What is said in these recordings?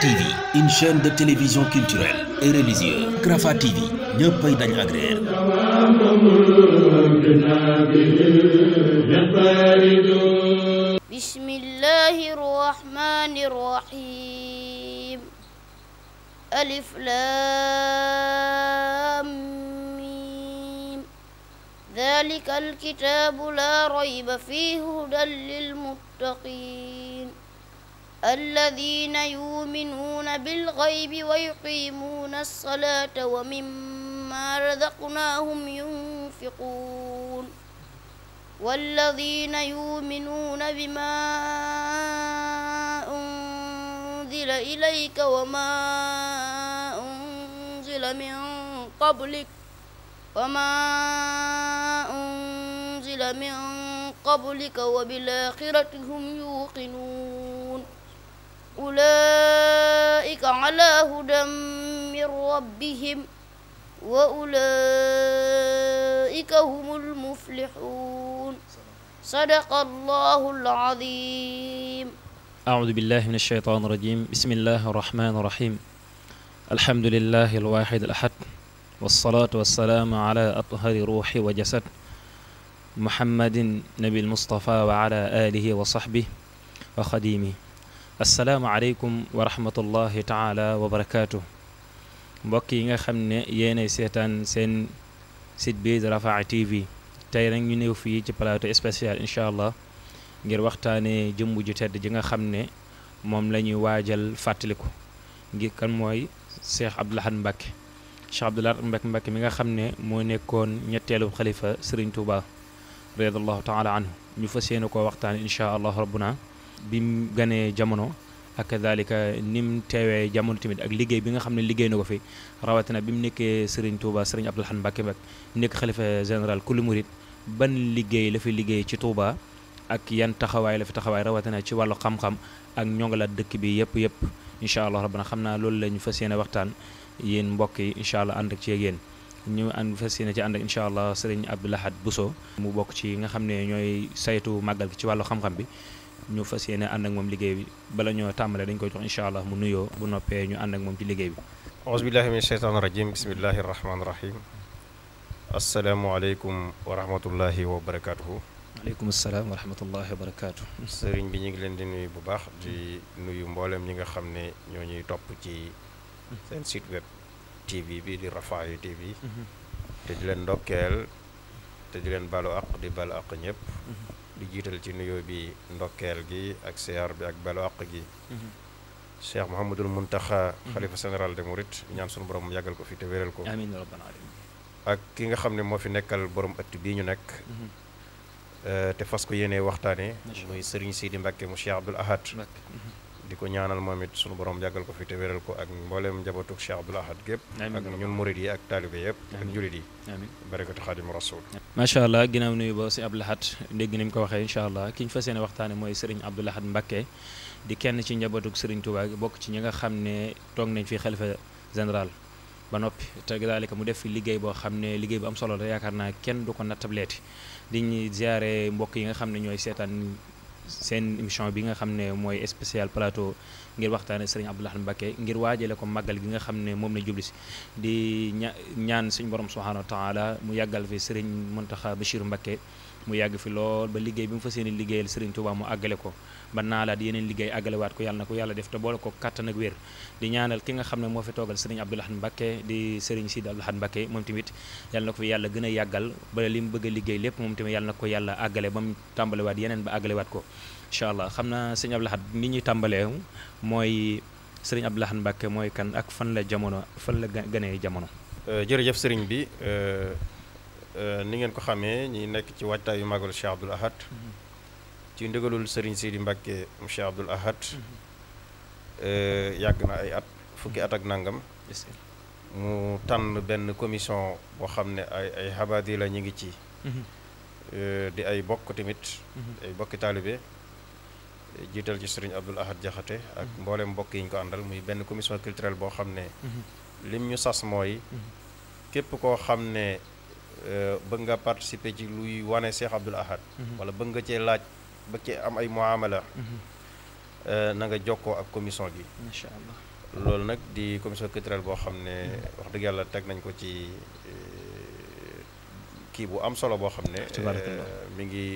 TV une chaîne de télévision culturelle et religieuse Rafah TV ñëppay dañ agréer bismillahi rahmani rahim alif lam mim dalika alkitabu la rayba fihi hudan lilmuttaqin الذين يؤمنون بالغيب ويقيمون الصلاة ومما رزقناهم ينفقون والذين يؤمنون بما أنزل إليك وما أنزل من قبلك وما أنزل من قبلك وبالآخرة هم يوقنون أولئك على هدى من ربهم وأولئك هم المفلحون صدق الله العظيم أعوذ بالله من الشيطان الرجيم بسم الله الرحمن الرحيم الحمد لله الواحد الأحد والصلاة والسلام على أطهر روح وجسد محمد نبي المصطفى وعلى آله وصحبه وخديمه asalaamaaleykum wa rahmatullahi taala wa barakaatu mbokk yi nga xam ne yéenay seetaan seen site bi di TV tey nag ñu néew fii ci plateau spécial incha allah ngir waxtaanee jëmm ju tedd ji nga xam ne moom la ñuy waajal fàttaliku ngir kan mooy Cheikh Abdoul Ahad Mbacké Cheikh Abdoul Ahad mi nga xam ne moo nekkoon ñetteelu xalifa Serigne Touba radiyallahu taala anhu ñu fas yéene ko waxtaanee incha allah rabbuna bi mu ganee jamono ak dalika ni mu teewee jamono tamit ak liggéey bi nga xam ne liggéey na ko fi rawatina bi mu nekkee Serigne Touba Serigne Abdoul Ahad Mbacké Mbacké nekk xalifa général kulli murid ban liggéey la fi liggéey ci Touba ak yan taxawaay la fi taxawaay rawatina ci wàllu xam-xam ak ñongalaat dëkk bi yëpp yëpp incha allah rabbana xam naa loolu la ñu fas yéene waxtaan yéen mbokk yi allah ànd ak ci yéen ñu ànd fas yéene ci ànd ak incha allah Serigne Abdoul Ahad Bousso mu bokk ci nga xam ne ñooy saytu màggal gi ci wàllu xam bi ñu fas yéene ànd ak moom liggéey bi bala ñoo tàmbale dañ koy jox incha allah mu nuyoo bu noppee ñu ànd ak moom ci liggéey bi aus billahi min sheytaan rajim bismillahi rahmaani rahim asalaamualeykum wa rahmatullahi wa barakatuhu aleykum salaam wa rahmatullahi wa barakaatu. sëriñ bi ñu ngi leen di nuyu bu baax di nuyu mbooleem ñi nga xam ne ñoo ñuy topp ci seen site web TV bi di Rafaayu TV. Mm-hmm. te di leen ndokkeel te di leen balu àq di balu àq ñëpp. Mm-hmm. di jiital ci nuyoo bi ndokkeel gi ak siyaar bi ak balwaq gi mhm. cheikh Mouhamadul tax mhm. xalifa général de Mouride ñaan sunu borom mu yàggal ko fi te wéral ko amiin ak ki nga xam ne moo fi nekkal borom ëtt bii ñu nekk mhm. eh, te fas ko yéene sëriñ Sidi Mbàkke mu cheikh Abdoul Ahad di ko ñaanal moom it sunu borom yàggal ko fi te wéral ko ak mbooleem njabootuk cheikh Abdoul Ahad gépp ak ñun murid yi ak taalibe yëpp ak julit yi barakatu xaadimu rasul macha allah ginnaaw nuyu ba si Abdou Lahad dégg ni ko waxee incha allah ki ñu fas yéene waxtaane mooy Serigne Abdou Lahad Mbacké di kenn ci njabootuk Serigne Touba bokk ci ñi nga xam ne toog nañ fi xalifa général ba noppi te daalika mu def fi liggéey boo xam ne liggéey bu am solo la yaakaar naa kenn du ko nattableeti di ñu ziare mbokk yi nga xam ne ñooy seetaan seen émission bi nga xam ne mooy spécial plateau ngir waxtaane sëriñ Abdou Lahad Mbacké ngir waajale ko màggal gi nga xam ne moom la jubli di di ñaan suñu borom subhanahu wa taala mu yàggal fi sëriñ Mountakha Bachir Mbacké mu yàgg fi lool ba liggéey bi mu fas yéene liggéeyal sëriñ Touba mu àggale ko ba naalaat yeneen liggéey àggalewaat ko yàlla na ko yàlla def te boole ko kàttan ak wér di ñaanal ki nga xam ne moo fi toogal sëriñ Abdou Lahad Mbacké di sëriñ Sidi Abdou Lahad Mbacké moom tamit yàlla na ko fi yàlla gën a yàggal ba li mu bëgg a liggéey lépp moom tamit yàlla na ko yàlla àggale ba mu tàmbalewaat yeneen ba àggalewaat ko incha allah xam naa sëñ Abdou Lahad ni ñuy tàmbalee mooy seriñ Abdou Lahad Mbacke mooy kan ak fan la jamono fan la gënee jamono. Euh, jërëjëf sëriñ bi euh, euh, ni ngeen ko xamee ñi nekk ci waajtaayu màggalu Cheikh Abdou Lahad ci ndigalul sëriñ Sidi Mbacke mu Cheikh Abdou Lahad yàgg na ay at fukki at ak nangam. mu tànn benn commission boo xam ne ay ay ñu ngi ci. Mhm. di ay bokk tamit. Mhm. ay bokki taalibe jiital ci sëriñ Abdoul Ahad Jaxate ak mhm. mboolem mbokk yi ñu ko àndal muy benn commission culturelle boo xam ne mhm. lim ñu sas mooy mhm. képp koo xam ne euh, bëgg nga participer ci luy wane Cheikh Abdoul Ahad wala bëgg nga cee laaj bëgg cee am ay muamala euh, na nga jokkoo ak commission bi macha nag di commission culturelle boo xam ne wax dëgg yàlla teg nañ ko ci euh, kii bu am solo boo xam ne mi ngi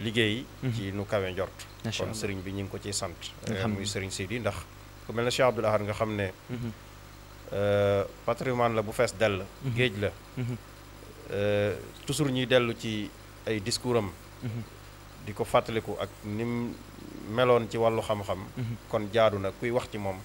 liggéey mhm. ci nu kawe njort kon sëriñ bi ñu ngi ko ciy sant eh, muy sëriñ Sidi ndax ku mel ne Cheikh Abdoul Ahad nga xam ne mhm. eh, patrimoine la bu fees dell mhm. géej la eh, toujours ñuy dellu ci ay discours am di ko fàttaliku ak nim meloon ci wàllu xam-xam kon jaadu nag kuy wax ci moom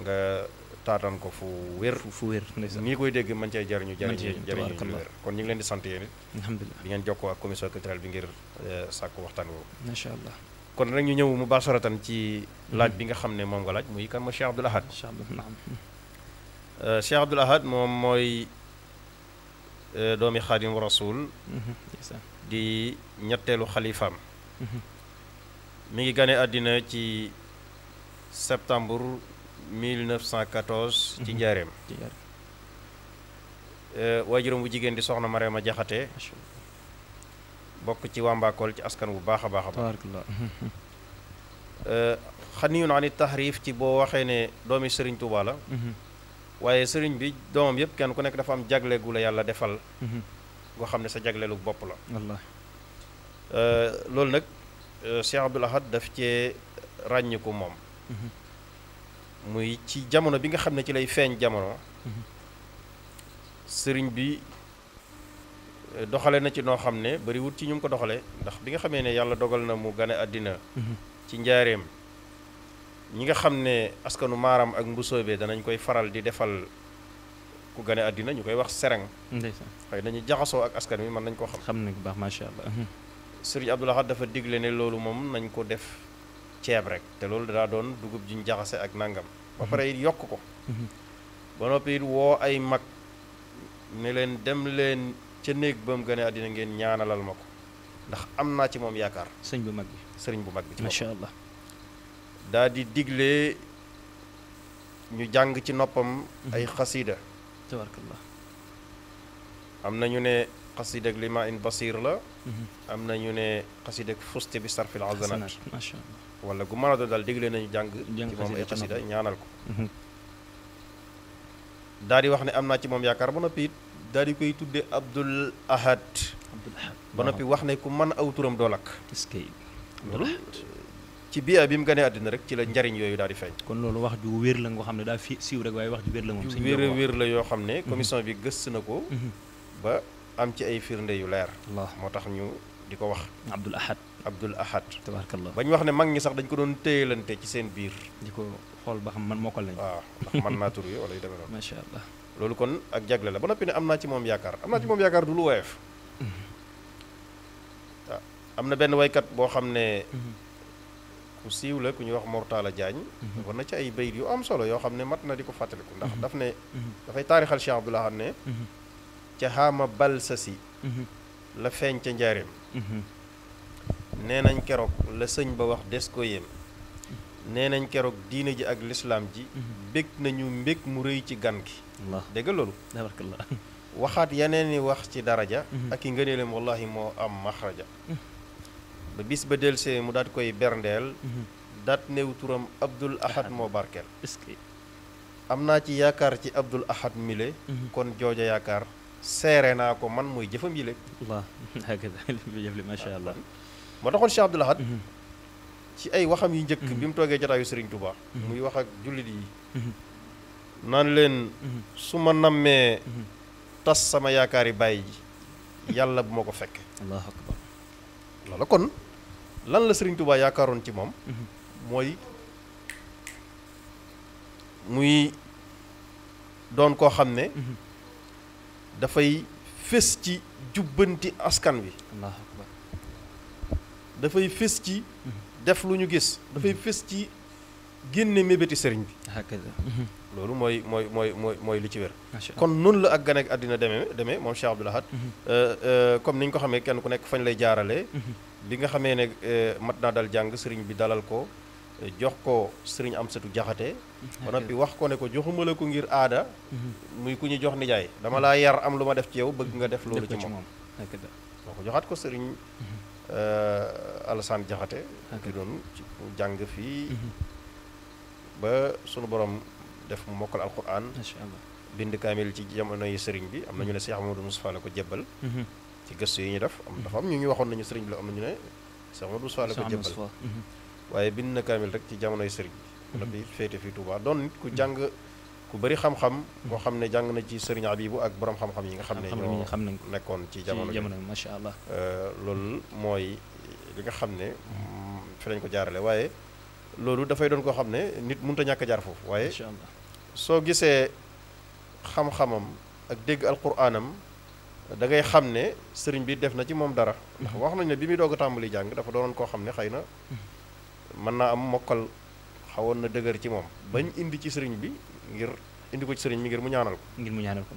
nga taataan ko fu wér fu wér nii koy dégg man cee jariñu jariñu jariñu lu wér kon ñu ngi leen di sant yéen it alhamdulilah di ngeen jokkoo ak commission culturelle bi ngir eh, sàkku waxtaan woowu macha allah kon nag ñu ñëw mu baasoratan ci mm-hmm. laaj bi nga xam ne moom nga laaj muy kan ma Cheikh Abdoul Ahad eh, Cheikh Abdoul Ahad moom mooy eh, doomi xaadim rasul mm-hmm. di ñetteelu xalifaam mm-hmm. mi ngi gane àddina ci septembre 1914 mhm. ci njaareem euh, waajuram bu jigéen di soxna Mariama Jaxate bokk ci wàmbaakool ci askan bu baax a baax a baax euh, xaniyun ani taxriif ci boo waxee ne doomi sëriñ Tuuba mhm. waaye sëriñ bi doomam yëpp kenn ku nekk dafa am jagle gu la yàlla defal mhm. goo xam ne sa jagleelu bopp la euh, loolu nag Cheikh Abdoul Ahad daf cee ràññiku moom muy ci jamono bi nga xam ne ci lay feeñ jamono mhm. sëriñ bi euh, doxale na ci noo xam ne bari wut ci ñu ko doxale ndax bi nga xamee ne yàlla dogal na mu gane àddina mhm. ci njaareem ñi nga xam ne askanu maaraam ak mbusoobe danañ koy faral di defal ku gane àddina ñu koy wax sereng xëy nañu jaxasoo ak askan wi mën nañ koo xam xam nañ baax macha allah sëriñ Abdou Lahad dafa digle ne loolu moom nañ ko def ceeb rek te loolu daa doon dugub ji ñu jaxase ak nangam. ba mhm. pare it yokk ko. Mhm. ba noppi it woo ay mag ne leen dem leen ca néeg ba mu gane àddina ngeen ñaanalal ma ko ndax am naa ci moom yaakaar. sëñ bu mag bi sëriñ bu mag bi. macha allah dal di digle ñu jàng ci noppam. Mhm. ay xasida tabarakallah am na ñu ne xasidak lima in basir la. am na ñu ne xasidak fuste bi sarfil azanat. macha wala gu mën a doon daal digle nañu jàng ci moom ay xasida ñaanal ko mhm. daal di wax ne am naa ci moom yaakaar ba noppi daal di koy tudde Abdul Ahad ba noppi wax ne ku mën aw turam doo lakk loolu ci biir bi mu gënee àddina rek ci la njariñ yooyu daal di feeñ kon loolu wax ju wér la nga xam ne daa fi siiw rek waaye wax ju wér la moom ju wér wér la yoo xam ne mhm. commission bi gës na ko mhm. ba am ci ay firnde yu leer moo tax ñu di ko wax Abdul Ahad tabarakallah bañ wax ne mag ñi sax dañ ko doon téyelante ci seen biir di ko xool ba xam man mokkal lañ waaw ah, ndax man naa tur yi yu demee noonu macha allah loolu kon ak jagle la ba noppi ne am naa ci moom yaakaar am naa ci moom yaakaar du lu woyof mm-hmm. ah, am na benn waykat boo xam ne mm-hmm. ku siiw ku ñuy wax Mortala Diagne war mm-hmm. na ci ay bayit yu am solo yoo xam ne mat na di ko fàttaliku ndax daf ne dafay taarixal Cheikh Abdoulaye xam ne ca xaama bal sa si la feeñ ca njaareem nee nañ keroog la sëñ ba wax des ko yéem nee nañ keroog diine ji ak lislaam ji bég nañu mbég mu réy ci gan gi dégg loolu waxaat yeneen i wax ci daraja mhm. ak i ngëneelam wallahi moo am maxraja mhm. ba bis ba dell see mu daat koy berndeel mhm. daat néew turam abdul ahad moo barkeel am naa ci yaakaar ci abdul ahad mile kon jooja yaakaar seere naa ko man mooy jëfam yile macha allah moo taxoon Cheikh Abdoul mhm. ci ay waxam yu njëkk mhm. bi mu toogee jotaayu Serigne Touba. Mhm. muy wax ak jullit yi naan leen su ma nammee tas sama yaakaari bàyyi ji yàlla bu ma ko fekke allahu kon lan la Serigne Touba yaakaaroon ci moom mooy muy doon koo xam ne dafay fés ci jubbanti askan wi dafay fés ci def lu ñu gis dafay fés ci génne mébéti sëriñ bi ah, loolu mooy mooy mooy mooy mooy li ci wér kon noonu la ak gane ak àddina demee demee moom Cheikh Abdoul Ahad mhm. euh, euh, comme ni ñu ko xamee kenn ku nekk fañ lay jaarale mhm. bi nga xamee ne euh, mat naa dal jàng sëriñ bi dalal ko jox ko sëriñ Amsatu Jaxate mhm. ba bi wax ko ne ko joxuma la ko ngir aada muy ku ñu jox nijaay dama laa yar am lu ma def ci yow bëgg nga def loolu ci moom moo ko joxaat ko sëriñ Euh, Alassane Diakhaté ki doon jàng fii mhm. ba sunu borom def mu mokkal alquran bind kaamil ci jamono yi sëriñ bi am na ñu ne Cheikh Amadou Moustapha la ko jébbal mhm. ci gëstu yi ñu def am dafa am mhm. ñu ñu waxoon nañu sëriñ bi la am na ñu ne Cheikh Amadou Moustapha la ko jébbal waaye bind na kaamil rek ci jamono yi sëriñ bi na bi féete fii Touba doon ku jàng ku bari xam-xam boo xam ne jàng na ci sëriñ Abibu ak borom xam-xam yi nga xam ne ñoo xam nañ ko nekkoon ci jamono jamono macha allah euh, loolu mooy li nga xam ne fi ko jaarale waaye loolu dafay doon koo xam ne nit mënut a ñàkk jaar foofu waaye soo gisee xam-xamam ak dégg alquraanam da dangay xam ne sëriñ bi def na ci moom dara wax nañ ne bi muy doog tàmbali jàng dafa doonoon koo xam ne xëy na hmm. mën naa am mokkal xawoon na dëgër ci moom bañ indi ci sëriñ bi ngir indi ko ci sëriñ mi ngir mu ñaanal ko. ngir mu ñaanal ko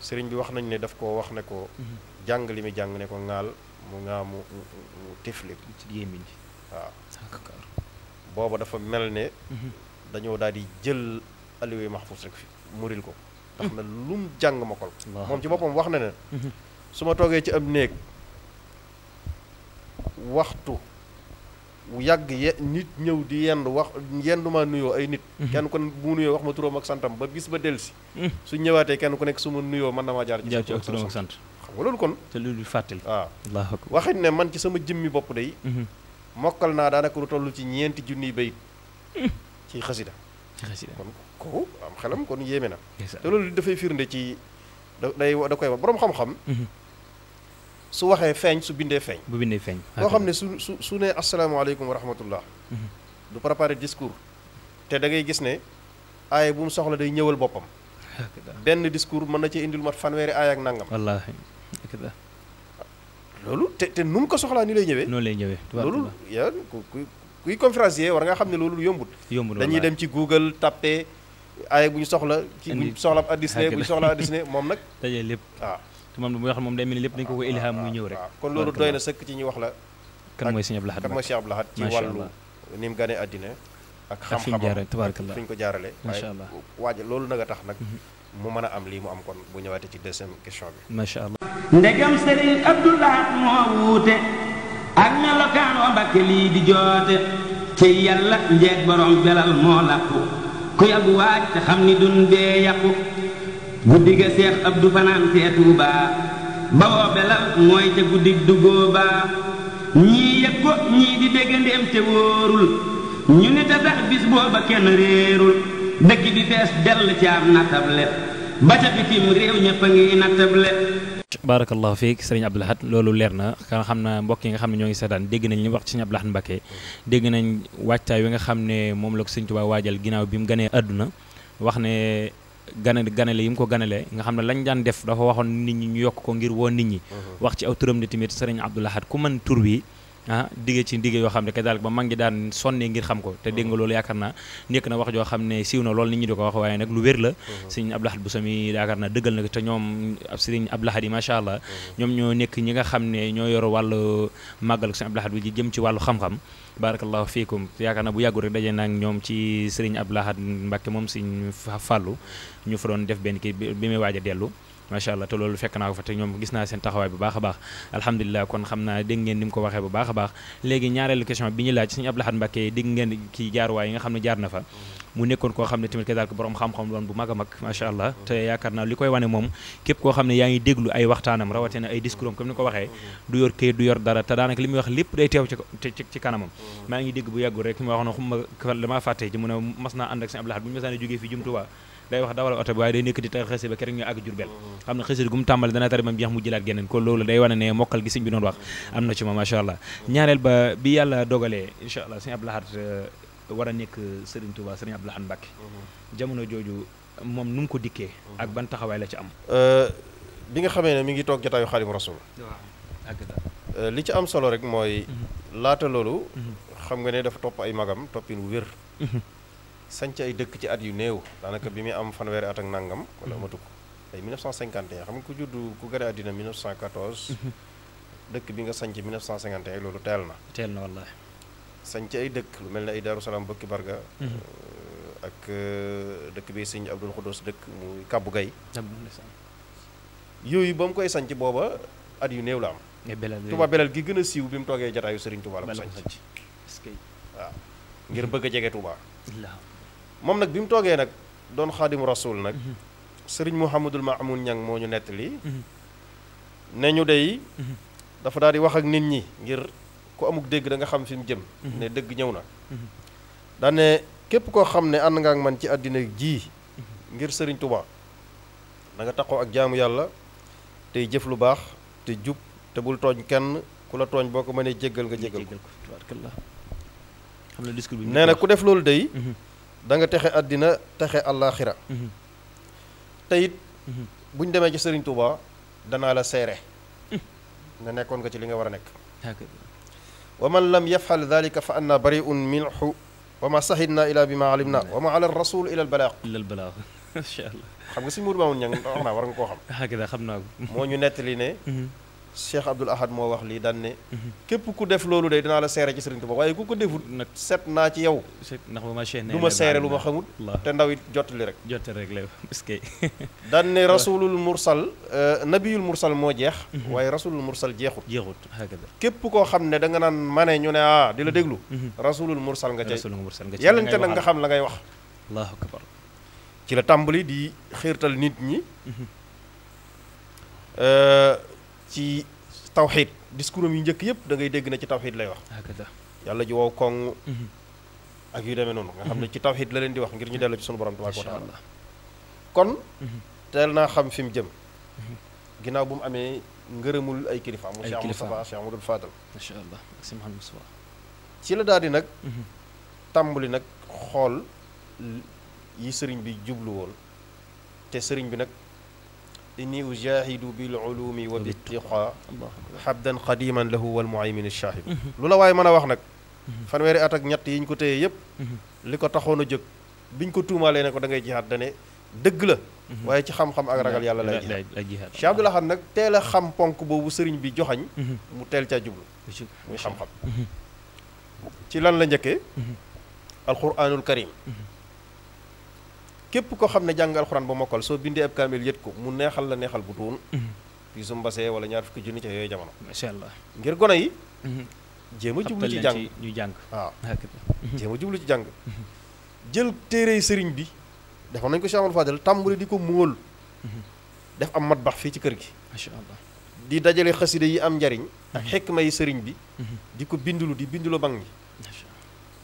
sëriñ bi wax nañ ne daf koo wax ne ko. Mhm. jàng li mu jàng ne ko ŋaal mu ŋaa mu mu ci gémmiñ ji waaw. booba dafa mel ne. Mhm. dañoo daal di jël aliwi mahfuz rek fi muril ko. ndax mhm. na lum jàng ma kol moom ci boppam wax na ne. su ma toogee ci am néeg waxtu. yàgg ye nit ñëw di yendu wax yendu maa nuyoo ay nit mhm. kenn ku ne bu nuyoo wax ma turam ak santam ba bis ba si mhm. su ñëwaatee kenn ku nekk su ma nuyoo mën na maa jaar ci ak turam ak sant xam nga loolu kon te loolu fàttali waaw waxit ne man ci sama jëmmi bopp day mhm. mokkal naa daanaka lu toll ci ñeenti junniy bayit ci xasida ci xasida kon kooku am xelam kon yéeme na te loolu dafay firnde ci da day da koy wax boroom xam-xam su waxee feeñ su bindee feeñ. bu bindee feeñ. koo xam ne su su su nee asalaamaaleykum wa rahmatullah. Mhm. du préparer discours. te da ngay gis ne aaya bu mu soxla day ñëwal boppam. benn discours mën na cee indil mat fanweeri aaya ak nangam. wallaahi. loolu te te nu mu ko soxlaa ni lay ñëwee. noonu lay ñëwee loolu yaa ku kuy conférencier war nga xam ne loolu yombut. yombut dañuy dem ci Google tapé aaya bu ñu soxla. ci soxla addis ne bu ñu soxla addis ne moom nag. dajee lépp te moom muy wax moom ñu wax la kan mooy Sëñ Abdou Lahad kan mooy Cheikh Abdou Lahad ci wàllu ni mu ko jaarale macha allah waaja loolu nag a tax nag mhm. mu mën lii mu am kon ndegam Sëriñ Abdou Lahad moo wuute ak melokaan wa Mbakke lii di joote te yàlla njeeg borom belal moo làqu ku yàgg waaj te xam ni dun bee guddi ga seex abdu fanaan fee tuubaa ba woo belal mooy ca guddi duggoo baa ñii yëg ko ñii di dégg ndéem wóorul ñu ne te sax bis booba kenn réerul dëkk bi fees dell ci am nattable ba ca bitim réew ñëpp a ngi nattable barakallahu fiik sëriñ Abdou Lahad loolu leer na nga xam na mbokk yi nga xam ne ñoo ngi seetaan dégg nañ ñu wax ci sëriñ Abdou Lahad Mbacké dégg nañ waajtaay wi nga xam ne moom la ko sëriñ Tuubaa waajal ginnaaw bi mu ganee àdduna wax ganale ganale yi mu ko ganale nga xam ne lañ daan def dafa waxoon nit ñi ñu yokk ko ngir woon nit ñi uh-huh. wax ci aw turam ni tamit sëriñ Abdoul Ahad ku mën tur bi ah digge ci ndigge yoo xam ne kadalik ba mag ngi daan sonnee ngir xam ko te dégg nga uh-huh. loolu yaakaar na nekk na wax joo xam ne siiw na loolu nit ñi di ko wax waaye nag lu wér la uh-huh. sëriñ Abdoul Ahad bu sami yaakaar na dëggal na ko te ñoom sëriñ ab Ahad yi macha allah ñoom ñoo nekk ñi nga xam ne ñoo yor wàllu màggal ko sëriñ Abdoul Ahad jëm ci wàllu xam-xam barakallahu fiikum yaakaar na bu yàggu rek dajee nag ñoom ci sëriñ Abdoul Ahad Mbàkke moom sëriñ Fàllu ñu fa doon def benn kii bi muy waaj a dellu macha allah te loolu fekk naa ko fa te ñoom gis naa seen taxawaay bu baax a baax alhamdulilah kon xam naa dégg ngeen ni mu ko waxee bu baax a baax léegi ñaareelu question bi ko xam a mag macha naa li koy wane koo xam ne yaa ngi déglu ay waxtaanam rawatina ay discours am comme ni ko waxee du yor këyit du yor dara te daanaka li muy wax lépp day teew ci kanamam maa ngi dégg bu yàggul rek mu wax na xumma damaa fàtte ji mu ne mas naa ànd ak seen Abdou Lahad bu ñu masaane jógee fi jumtuwaa day wax dawal oto bi waaye day nekk di tar ba keroog ñu àgg Jurbel xam ne xasida gu mu tàmbali dana tari ba mu jeex mu jëlaat geneen kon loolu day wane ne mokkal gi bi doon wax am na ci ma macha allah ñaareel ba bi yàlla dogalee incha allah sëñ Abdou Lahad euh, war a nekk Serigne Touba Serigne Abdou Lahad Mbacké jamono jooju moom nu mu ko dikkee ak ban taxawaay la ci am euh, bi nga xamee ne mi ngi toog jataayu Xaadimu Rasuul euh, li ci am solo rek mooy mhm. laata loolu mhm. xam nga ne dafa topp ay magam toppin wu wér mhm. sanc ay dëkk ci at yu néew daanaka bi muy am fanweeri at ak nangam wala matu ko ay 1951 xam nga ku judd ku gane àddina 1914 dëkk bi nga sanc 1951 loolu teel na teel na wallaahi sanc ay dëkk lu mel ne ay Daaru Salaam Bëkki Barga mhm. euh, ak euh, dëkk bi sëñ Abdul Xudoos dëkk muy yooyu ba koy sanc booba at yu néew la am Touba Belel gi gën a siiw bi mu toogee jataayu Sëriñ Touba la ko sanc waaw ngir bëgg a jege Touba moom nag bi mu toogee nag doon xaadimu rasul nag mhm. sëriñ Mouhamadul Maamoun Ñang moo ñu nettali mhm. ne ñu dey mhm. dafa daal di wax ak nit ñi ngir ku amuk dégg da nga xam fi mu jëm ne dëgg ñëw na dane képp koo xam ne ànd nga ak man ci àddina jii ngir sëriñ Touba danga nga taxoo ak jaamu yàlla tey jëf lu baax te jub te bul tooñ kenn ku la tooñ boo ko mënee jéggal nga jéggal ko nee na ku def loolu dey da nga texe àddina texe àllaaxira mhm. te it mhm. bu ñu demee ci sëriñ Touba danaa la seere mm. ne nekkoon nga ci li nga war a nekk wa man lam yafal dalika fa anna bariun minhu wa ma sahidna ila bi ma alimna wa ma ala rasul xam nga si muur war nga koo xam xam moo ñu nettali ne mhm. Cheikh Abdoul Ahad moo wax lii daan ne mhm. képp ku def loolu de dinaa la seere ci Sëriñ Tuubaa waaye ku ko deful nag set naa ci yow lu ma seere lu ma xamul te ndaw it jottali rek jottali rek la est-ce que daan ne rasulul mursal euh, nabiyul mursal moo jeex mhm. waaye rasulul mursal jeexut jeexut képp koo xam ne da nga naan mane ñu ne ah di la mhm. déglu rasulul mursal nga ca yalante nag nga xam la ngay wax allahu akbar ci la tàmbali di xiirtal nit ñi euh, ci tawxiid discours am yu njëkk yëpp da ngay dégg na ci tawxiid lay wax ah, yàlla ji wow koŋ mhm. ak yu demee noonu nga xam ne mhm. ci tawxiid la leen di wax ngir ñu dellu ci sunu borom tabaaraka kon mhm. teel naa xam fi mu jëm ginnaaw bu mu amee ngërëmul ay kilifa mu Cheikh Moustapha Cheikh Amadou Fadal macha allah ci la daal di nag tàmbali nag xool yi sëriñ bi jublu woon te sëriñ bi nag inni ujahidu bil ulumi wa bittiqa habdan qadiman lahu wal muaymin shahid mhm. lu la waaye mën a wax nag mhm. fanweeri at ak ñett yi ñu ko téye yëpp mhm. li ko taxoon a jóg biñ ko tuumaalee ne ko da ngay jihaat dane dëgg la waaye ci xam-xam ak ragal yàlla lay jihaat Cheikh Abdoul Ahad nag teel a xam ponk boobu sëriñ bi joxañ mu teel caa jublu muy xam-xam ci lan la njëkkee alquranul karim képp ko xam ne jàng alxuraan ba mokkal soo bindee ab kaamil yët ko mu neexal la neexal bu doon fii mhm. su mbasee wala ñaar fukki junni ca yooyu jamono macha allah ngir gone yi mhm. ah, mhm. jéem a jublu ci jàng ñu jàng waaw jéem a jublu ci jàng jël téere sëriñ bi defoon nañ ko Cheikh Amadou Fadel tàmbali di ko móol def am mat matbax fii ci kër gi macha di dajale xasida yi am njariñ ak xikma yi sëriñ bi di ko bindulu di bindulu mag ñi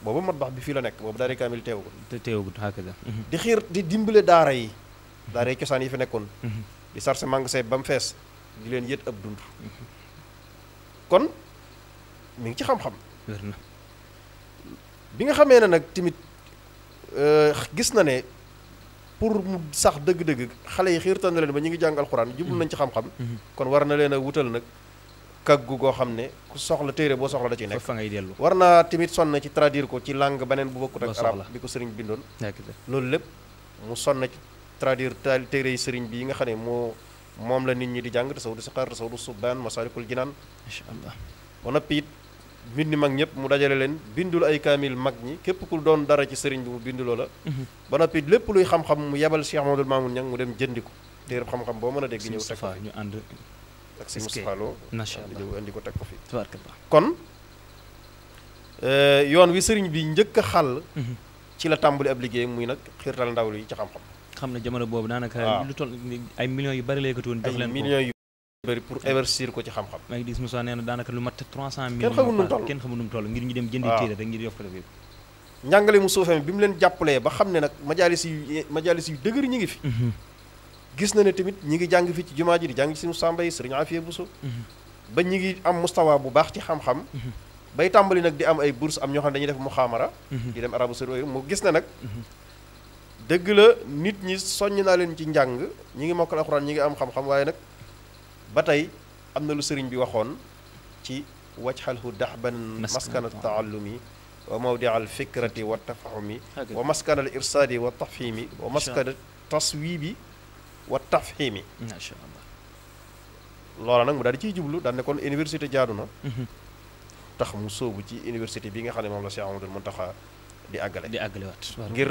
booba matbax bi fii la nekk boobu daaray kaamil teewagul teewagul hakaza mm-hmm. di xiir di dimbale daara yi mm-hmm. daara yi cosaan yi fi nekkoon mm-hmm. di sarse mangase ba mu fees di leen yët ab dund kon mi ngi ci xam-xam bi nga xamee ne nag tamit euh, gis na ne pour mu sax dëgg-dëgg xale yi xiirtal na leen ba ñu ngi jàng alxuraan jublu nañ ci xam-xam kon war na leen a wutal nag kaggu goo xam ne ku soxla téere boo soxla da ci nekk fa ngay dellu war naa tamit sonn ci traduire ko ci langue beneen bu bokkut ak arab bi ko sëriñ bindoon loolu lépp mu sonn ci traduire téere yi sëriñ bi yi nga xam ne moo moom la nit ñi di jàng tasawdu siqaar tasawdu subaan masaalikul jinaan macha allah ba noppi it mbind mag ñëpp mu dajale leen bindul ay kaamil mag ñi képp ku doon dara ci sëriñ bi mu binduloo la mhm. ba noppi lépp luy xam-xam mu yebal Cheikh Mamadou Mamoun Niang mu dem jëndi ko téereb xam boo mën a dégg ñëw teg ñu ànd ak si Moustapha Lo ñëw indi ko teg ko fi kon euh, yoon wi sëriñ bi njëkk a mhm. ci la tàmbali ab liggéey muy nag xiirtal ndaw li ci xam-xam xam na jamono boobu daanaka lu toll ay millions yu bari la yëkkati woon jox ko millions yu bari pour investir ci xam-xam maa ngi gis Moussa nee na daanaka lu mat 300 millions kenn xamul nu mu toll ngir ñu dem jëndi téere rek ngir yokk ko njàngale mu suufam bi mu leen jàppalee ba xam ne nag majalis yu majalis yu dëgër gis na ne tamit ñi ngi jàng fii ci jumaa ji di jàng ci suñu sàmba yi sëriñ Afia mhm. ba ñi ngi am mustawa bu baax ci xam-xam mhm. bay tàmbali nag di am ay bourse am ñoo xam ne dañuy def muxaamara mhm. di dem arabu saudi mu gis na nag dëgg la nit ñi soññ naa leen ci njàng ñi ngi mokkal alxuraan ñi ngi am xam-xam waaye nag ba tey am na lu sëriñ bi waxoon ci wajxalhu daxban maskana taallumi wa mawdia al fikrati wa tafahumi wa maskana al irsaadi wa tafhimi wa maskana taswibi wa tafhimi macha allah loola nag mu daal di ciy jublu daal ne kon université jaadu na mhm. tax mu sóobu ci université bi nga xam ne moom la Cheikh Amadou Mountakha di àggale di àggale waat ngir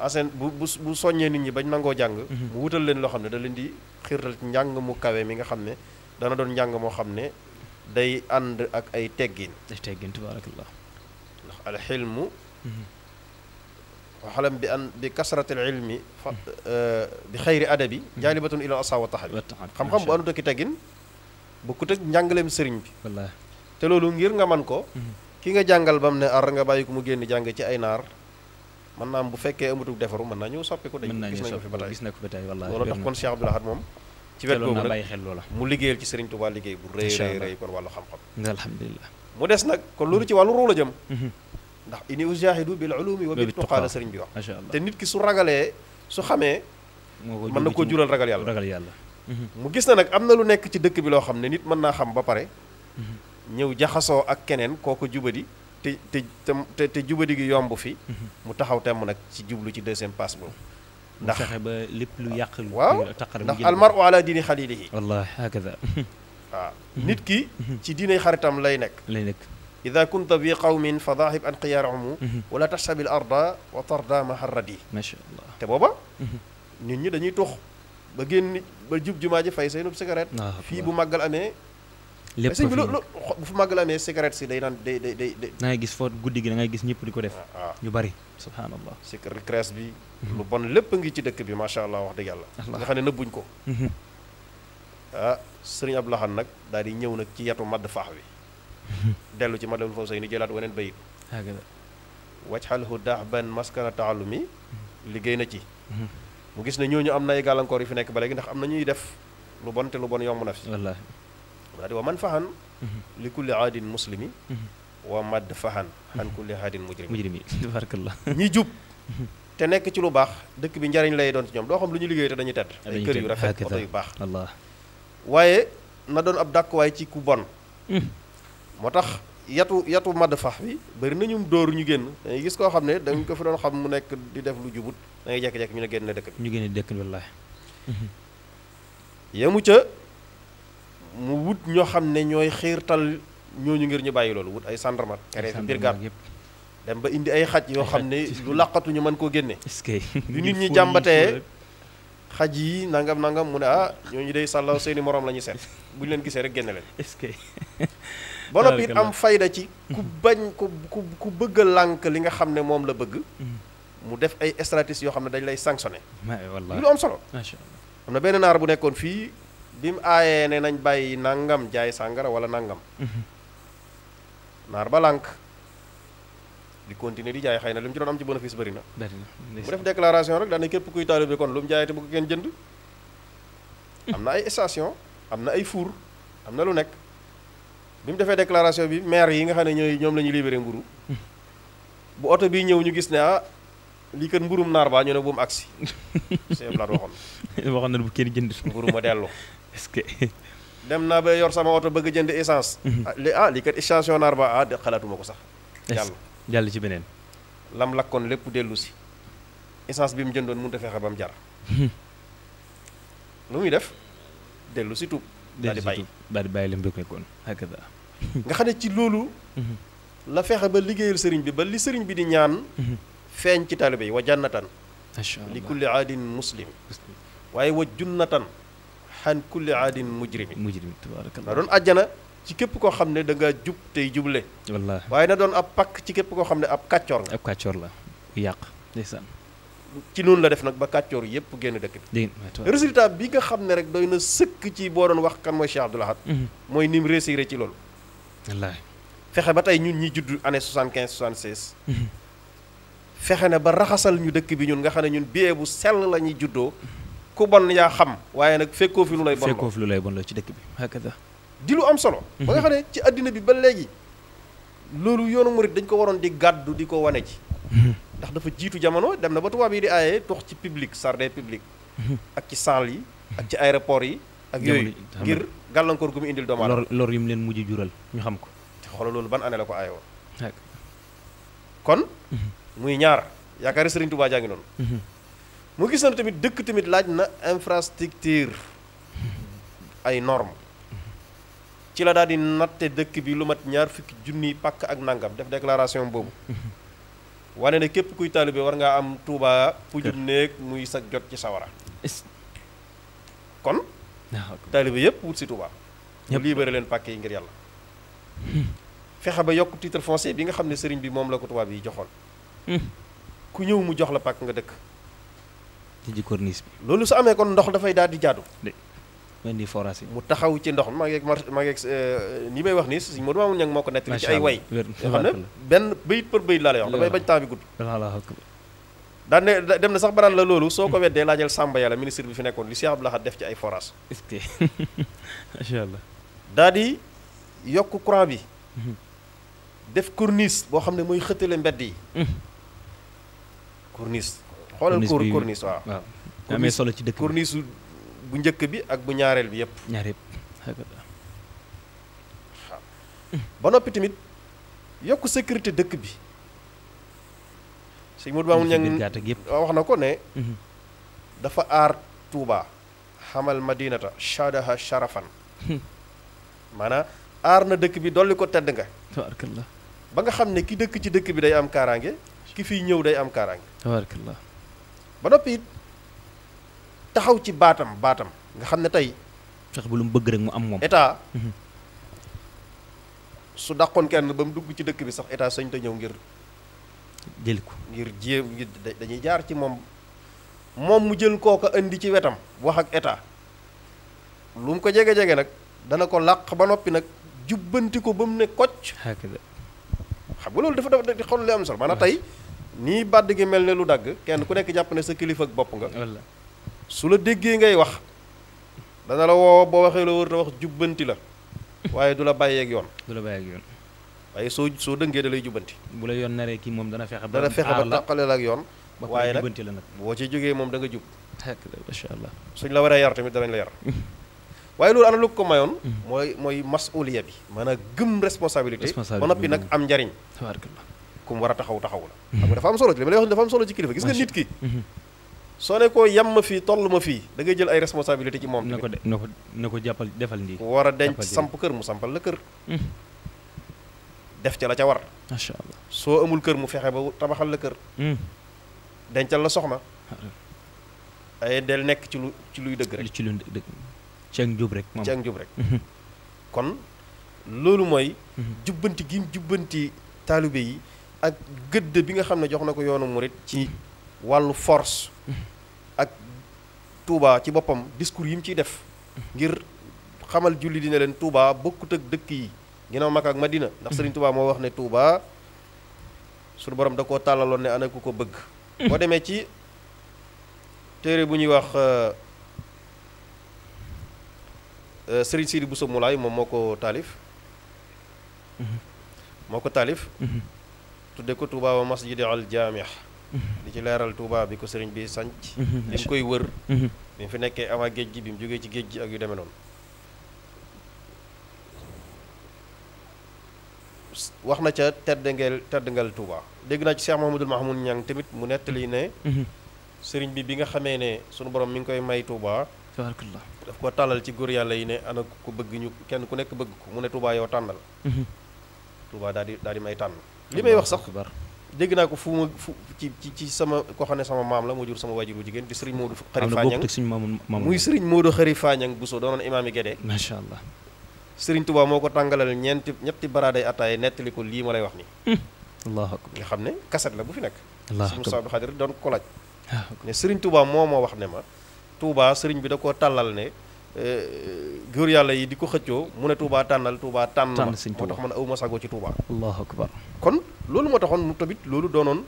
asen bu bu bu soññee nit ñi bañ nangoo jàng mhm. mu wutal leen loo xam ne da leen di xiirtal njàng mu kawe mi nga xam ne dana doon njàng moo xam ne day ànd ak ay teggin ay teggin tabarakallah ndax al waxalam bi an bi kasratil ilmi bi xayri adabi jaalibatun ila asa wa taxabi xam-xam bu anut ak teggin bu ku tëg njàngaleem sëriñ bi te loolu ngir nga man ko ki nga jàngal ba mu ne ar nga bàyyi ko mu génn jàng ci ay naar mën naa am bu fekkee amatul defaru mën naa ñëw soppi ko dañ gis nañ fi ba tey loolu tax kon Cheikh Abdoul moom ci wet boobu nag bàyyi mu liggéeyal ci sëriñ Tuubaa liggéey bu rëy rëy rëy kon wàllu xam-xam mu des nag kon loolu ci wàllu ruu la jëm mhmm. ndax ini ujahidu bi ulumi wa bit tuqaa la sëriñ bi wax macha allah te nit ki su ragalee su xamee mën na koo jural ragal yàlla ragal yàlla mhm. mu gis na nag am na lu nekk ci dëkk bi loo xam ne nit mën naa xam ba pare mhm. ñëw jaxasoo ak keneen koo kooku jubadi te te te te jubadi gi yomb fi mhm. mu taxaw temm nag ci jublu ci deuxième passe boobu ndax fexe ba lépp lu yàq lu waaw ndax almaru ala diini xalilihi wallah hakada waaw nit ki ci diinay xaritam lay nekk lay nekk ida kunta bi qawmin fa daahib an xiyaarahum mhm. wala taxsabil arda wa tarda maharradi ma sha allah te booba mhm. nit ñi dañuy tux ba génn ba jub jumaa ji fay seenub cigarette fii bu màggal amee lépp sëñ bi lu bu fi màggal amee cigarette si day naan day day day da ngay gis foo guddi gi da ngay gis ñëpp di ko def waaw ah, ah. ñu bari subhaanallah cigarette crèche bi mhm. lu bon lépp ngi ci dëkk bi macha allah wax dëgg yàlla nga xam ne nëbbuñ ko ah sëriñ Abdou Lahad nag daal di ñëw nag ci yetu madd faax wi dellu ci madalul faw say ni jëlaat weneen bayit wajxalhu dahban maskana taallumi hmm. liggéey na ci hmm. mu gis ne ñooñu am na ay gàllankoor yu fi nekk ba léegi ndax am na ñuy def lu bon te lu bon yomb na fi wallaahi daa di wa man fahan hmm. li kulli aadin muslimi wa mad fahan an kulli aadin mujrimi mujrimi tabarakallah ñi jub te nekk ci lu baax dëkk bi njariñ lay doon ci ñoom doo xam lu ñu liggéey te dañuy tedd ay kër yu rafet oto yu baax waaye na doon ab dàkkuwaay ci ku bon moo tax yatu yatu madd fax bi bari nañu dóor ñu génn dañuy gis koo xam ne dañ ko fi doon xam mu nekk di def lu jubut da ngay jekki-jekki ñu ne génn na dëkk bi ñu génn dëkk bi wallaahi yemu ca mu wut ñoo xam ne ñooy xiirtal ñooñu ngir ñu bàyyi loolu wut ay sandarmat créé fi brigade dem ba indi ay xaj yoo xam ne lu laqatu ñu mën koo génne lu nit ñi jàmbatee xaj yi nangam nangam mu ne ah ñu day sàllaw seeni moroom la ñuy seet bu ñu leen gisee rek génne leen ba noppi it am fayda ci ku mm-hmm. bañ ku ku ku bëgg a lànk li nga xam ne moom la bëgg mm-hmm. mu def ay stratégies yoo xam ne dañ lay sanctionné lu am solo am na benn naar bu nekkoon fii bi mu aayee ne nañ bàyyi nangam jaay sàngara wala nangam mm-hmm. naar ba lànk di continuer di jaay xëy na li mu ci doon am ci bénéfice bëri na mu def déclaration rek daane képp kuy taalibe kon lu mu jaayate bu ko kenn jënd am na ay station am na ay fuur am na lu nekk bi mu defee déclaration bi maire yi nga xam ne ñooy ñoom la ñuy libéré mburu bu oto bii ñëw ñu gis ne ah lii kat mburum naar baa ñu ne bu mu agsi sëñ Blaat waxoon na. waxoon na bu kenn jënd. mburu ma dellu. est-ce que. dem naa ba yor sama oto bëgg a jënd essence. Mhm. Ah, li ah lii kat station naar ah, xalaatuma ko sax. jàll jàll ci beneen. lam lakkoon lépp dellu si. essence bi mu jëndoon mënut a fexe ba mu jar. Mhm. lu muy def dellu si daal di bàyyi daal di bàyyi lim bi nekkoon ak nga xam ne ci loolu mhm. la fexe ba liggéeyal sëriñ bi ba li sëriñ bi di ñaan mhm. feeñ ci taalibe yi wa jannatan li kulli aadin muslim waaye wa junnatan xan kulli aadin mujrimi mujrimi na doon àjjana ci képp koo xam ne da nga jub tey juble wallaahi waaye na doon ab pakk ci képp koo xam ne ab kàccoor nga ab kàccoor la yàq ci noonu la def nag ba kàccoor yëpp génn dëkk bi résultat bi nga xam ne rek doy na sëkk ci boo doon wax kan mooy Cheikh Abdoul Ahad mhm. mooy ni mu ci loolu wallaay fexe ba tey ñun ñi judd année 75 76 mhm. fexe na ba raxasal ñu dëkk bi ñun nga xam ne ñun biyee bu sell la ñuy juddoo ku bon yaa xam waaye nag fekkoo fi lu lay bon fekkoo fi la ci dëkk bi hakada di lu am solo ba nga mhm. xam ne ci àddina bi ba léegi loolu yoonu murit dañ ko waroon di gàddu di ko wane ci ndax dafa jiitu jamono dem na ba tubaab yi di aaye tux ci public sardin public. ak ci saal yi ak ci aéroport yi. ak yooyu ngir gàllankoor gu mu indil doomu aadama. lor yi mu leen mujj jural ñu xam ko. te xoolal loolu ban année la ko aaye woon. kon. muy ñaar yaakaar Sëriñ Tuubaa jaa ngi noonu. mu gis na tamit dëkk tamit laaj na infrastructure ay normes. ci la daal di natte dëkk bi lu mat ñaar fukki junniy pàkk ak nangam def déclaration boobu. wane ne képp kuy taalibe war ngaa am Touba pujum néeg muy sa jot ci sawara kon ah, taalibe yëpp wut si Touba mu leen pàkke yi ngir yàlla hmm. fexe ba yokk titre foncier bi nga xam ne sëriñ bi moom la ko tubaab yi joxoon hmm. ku ñëw mu jox la pàkk nga dëkk ci corniche bi loolu su amee kon ndox dafay daal di jaadu indi forage yi mu taxaw ci ndox mi maa ngeeg maa ngeeg euh, may wax nii sëñ Modou Mamoun Niang moo ko nettali ci ay way benn bayit par bayit laa lay wax damay bañ temps bi gudd daan ne dem na sax banaan la loolu soo ko weddee laajal Samba Yàlla ministre bi fi nekkoon li Cheikh Abdou Lahad ay forage macha allah daa di yokk courant bi mhm. def corniche boo xam ne mooy xëttale mbedd yi mhm. corniche xoolal corniche waaw amee solo ci dëkk corniche bu njëkk bi ak bu ñaareel bi yëpp. ñaar ba noppi tamit yokk sécurité dëkk bi. sëñ Modou Mamoune Niang wax na ko ne. Mhm. dafa aar Touba. xamal madinata shadaha sharafan hmm. maanaam aar na dëkk bi dolli ko tedd nga. ba nga xam ne ki dëkk ci dëkk bi day am kaaraange. ki fiy ñëw day am kaaraange. ba noppi it taxaw ci baatam baatam nga xam ne tey. fex bu lu mu bëgg rek mu am moom. état mhm. su dàqoon kenn ba mu dugg ci dëkk bi sax état sañ te ñëw ngir. jël ko ngir jéem ngir dañuy jaar ci moom moom mu jël kooka indi ci wetam wax ak état lu mu ko jege jege nag dana ko làq ba noppi nag jubbanti ko ba mu ne kocc. xam nga loolu dafa dafa di xol li am solo maanaam tey nii bàdd gi mel ne lu dagg kenn ku nekk jàpp ne sa kilifa ak bopp nga. su la déggee ngay wax dana la woo boo waxee la wër na wax jubbanti la waaye du la bàyyeek yoon. du la bàyyeeg yoon. waaye soo soo dëngee da lay jubbanti. bu la yoon naree kii moom dana fexe ba. dana fexe ba ak yoon. waaye nag boo ci jógee moom da nga jub. macha allah suñ la waree yar tamit danañ la yar. waaye loolu ana lu ko mayoon. Mm-hmm. mooy mooy masuliya bi. maanaam gëm responsabilité. responsabilité ba noppi nag am njariñ. tabaarakallah kum war a taxaw taxaw la. Mm-hmm. xam nga dafa am solo ci li ma lay wax dafa am solo ki. soo ne koo yem ma fii toll ma fii dangay jël ay responsabilité ci moom. na ko na ko na ko jàppal defal nii. war a denc samp kër mu sampal la kër. Hmm. def ca la ca war. macha soo amul kër mu fexe ba tabaxal la kër. Hmm. dencal la soxna. ay del nekk ci lu ci luy dëgg rek ci lu dëgg ak jub rek. ci ak jub hmm. kon loolu mooy. jubbanti gi jubbanti taalibe yi ak gëdd bi nga xam ne jox na ko yoonu murit ci wàllu force. Touba ci boppam discours yi mu ciy def ngir xamal julli dina leen tuubaa bokkut ak dëkk yi ginnaaw Makka ak ma Madina ndax Serigne Touba moo wax ne Touba su borom da koo tàllaloon ne ana ku ko bëgg. boo demee ci téere bu ñuy wax euh, Serigne bu Bousso Moulay moom moo ko taalif. Mhm. moo ko taalif. Mhm. tudde ko Touba wa masjidi al jaamih li ci leeral Touba bi ko sëriñ bi sanc mhm. li mu koy wër mhm. bi mu fi nekkee avant géej gi bi mu jógee ci géej gi ak yu deme noonu wax na ca tedd ngeel tedd ngeel Touba dégg naa ci Cheikh Mahamadul Mahmoud Niang tamit mu nettali ne mhm. sëriñ bi bi nga xamee ne sunu borom mi ngi koy may Touba daf ko tàllal ci góor yàlla yi ne ana ko bëgg ñu kenn ku nekk bëgg ko mu ne Touba yow tànnal Touba daal di daal di may tànn li may wax sax dégg naa ko fu ma fu ci ci sama koo xam ne sama maam la moo jur sama waajur bu jigéen di sëriñ Moodu Xari Faañang muy sëriñ Moodu Xari Faañang bu soo doonoon imaam yi Gédé macha allah sëriñ Tuubaa moo ko tàngalal ñeenti ñetti baraaday attaaye nettali ko lii ma lay wax nii hmm. allahu akbar nga xam ne kaset la bu fi nekk si Moussa Abdou Khadir doon ko laaj ah, ne sëriñ Tuubaa moo moo wax ne ma Tuubaa sëriñ bi da koo tàllal ne Euh, góor yàlla yi di ko xëccoo mu ne Touba tànnal Touba tànn ma moo tax man awma sago ci Touba allahu akbar kon loolu moo taxoon mu tamit loolu doonoon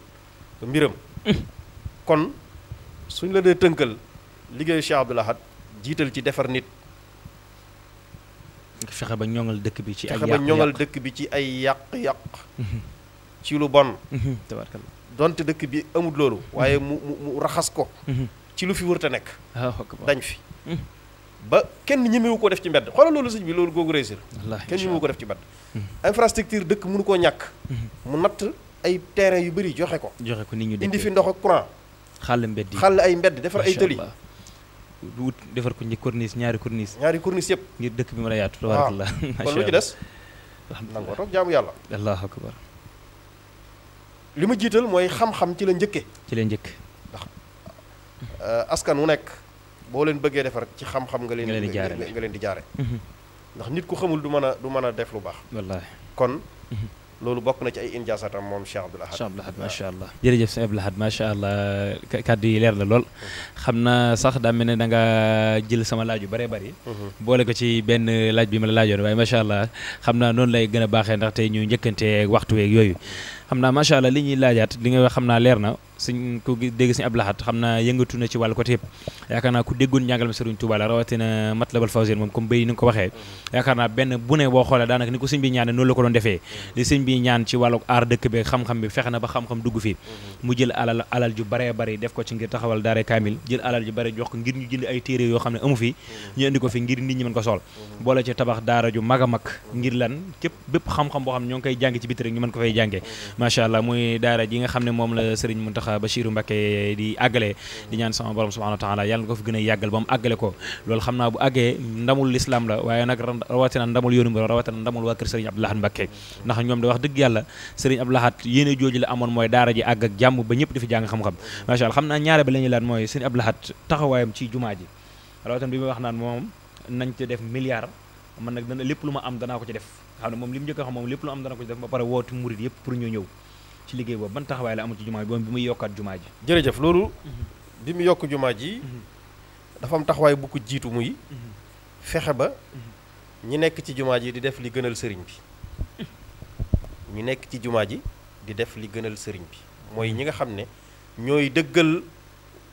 mbiram kon suñ la dee tënkal liggéey Cheikh Abdoul Ahad jiital ci defar nit fexe ba ñoŋal dëkk bi ci ay yàq dëkk bi ci ay yàq-yàq mhm. ci lu bon mhm. tabaarkalla donte dëkk bi amul loolu waaye mhm. mu mu raxas ko ci lu fi wërta nekk dañ fi ba kenn ñemewu ko def ci mbedd xoolal loolu sëñ bi loolu googu réussir kenn ñemewu ko def ci mbedd mm-hmm. infrastructure dëkk mënu koo ñàkk mm-hmm. mu natt ay terrain yu bëri joxe ko joxe ko nit ñu indi fi ndox ak courant xàll mbedd xàll ay mbedd defar ay tëli wut defar ko ñi corniche ñaari corniche ñaari corniche ngir dëkk bi mën a yaatu ah. tabarakallah kon lu ci des nangoo toog jaamu yàlla allahu akbar li ma jiital mooy xam-xam ci la njëkke ci la njëkk ndax euh, askan wu nekk boo leen bëggee defar ci xam-xam nga leen nga leen di jaare mhm. ndax nit ku xamul du mën a du mën a def lu baax wallaahi kon mhm. loolu bokk na ci ay injaasaatam moom Cheikh Abdoul Ahad Cheikh Abdoul Ahad macha allah jërëjëf sëñ Abdoul Ahad macha allah kàddu yi leer la lool xam naa sax daa mel ne da nga jël sama laaj yu bëree bëri mhm. boole ko ci benn laaj bi ma la laajoon waaye macha allah xam naa noonu lay gën a baaxee ndax tey ñu njëkkante waxtu weeg yooyu xam naa macha allah li ñuy laajaat li nga xam naa leer na suñ ko dégg suñu Abdou Lahad xam naa yëngatu na ci wàllu côté yëpp yaakaar naa ku déggoon njàngal mi Serigne Touba la xam-xam bi fexe na ba xam-xam dugg fi mu jël alal alal ju bare bare def ko ci ngir taxawal daare kaamil jël alal ju bare jox ngir ñu jënd ay téere yoo xam ne amu fi ñu indi ko fi ngir nit ñi mën ko sol boole ci tabax daara ju mag a mag ngir lan képp bépp xam-xam boo xam ñoo ngi koy jàng ci macha allah muy daara ji nga xam ne moom la sëriñ Mountakha Bachirou Mbacké di àggale di ñaan sama borom subhanahu wa taala yàlla na ko fi gën a yàggal ba mu àggale la waaye ndax ñoom de wax dëgg yàlla sëriñ Abdou Lahad yéene jooju la amoon mooy daara ji àgg ak jàmm ba ñëpp di fi jàng xam-xam macha xam naa ñaare ba la ñuy laan mooy sëriñ Abdou Lahad taxawaayam ci jumaa ji rawatina bi muy wax naan moom nañ ci def milliard man nag lépp lu ma am danaa ko ci def xam ne moom li jëkk a xam moom lépp lu am dana ko ci def ba pare wootu murit yëpp pour ñu ñëw ci liggéey boobu ban taxawaay la amul ci jumaa bi bi muy yokkaat jumaa ji mhm. yokk jumaa ji dafa am taxawaay bu jiitu muy mhm. fexe ba mhm. ñi nekk ci jumaa ji di def li gënal sëriñ bi nekk ci jumaa ji di def li gënal sëriñ bi mooy ñi nga xam ne ñooy dëggal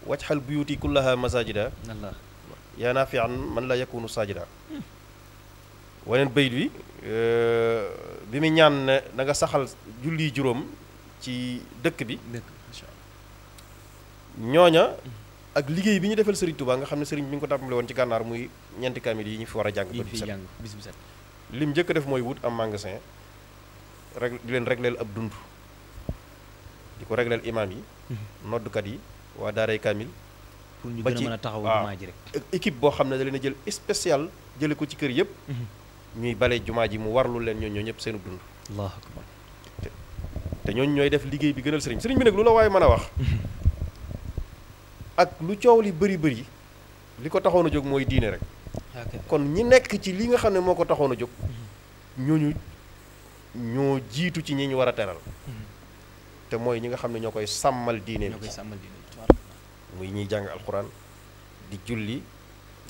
wajxal buyuti kullaha masajida yaa naa fi an man laa la yakunu sajida hmm. waneen bayit wi euh, bi mu ñaan ne na nga saxal julli juróom ci dëkk bi ñooña ak liggéey bi ñu defal sëriñ Touba nga xam ne sëriñ bi ñu ko tàmbale woon ci gànnaar muy ñeenti kaamil yi ñu fi war a jàng bis bu set lim njëkk def mooy wut am magasin rek di leen regleel ab dund di ko regleel imaam yi mhm. noddukat yi waa daaray kaamil pour ñu gën a mën a taxaw jumaa rek équipe boo xam ne da leen jël spécial jële ko ci kër yëpp mhm. ñuy bale jumaa ji mu warlu leen ñoo ñoo ñëpp seenu dund allahu te ñooñu ñooy def liggéey bi gënal sëriñ sëriñ bi nag lu la waaye man a wax ak lu coow li bëri bëri li ko taxoon a jóg mooy diine rek kon ñi nekk ci li nga xam ne moo ko taxoon a jóg mhm. ñu ñoo jiitu ci ñu war a teral mhm. te mooy ñi nga xam ne ñoo koy sàmmal diine bi muy ñuy jàng alxuraan di julli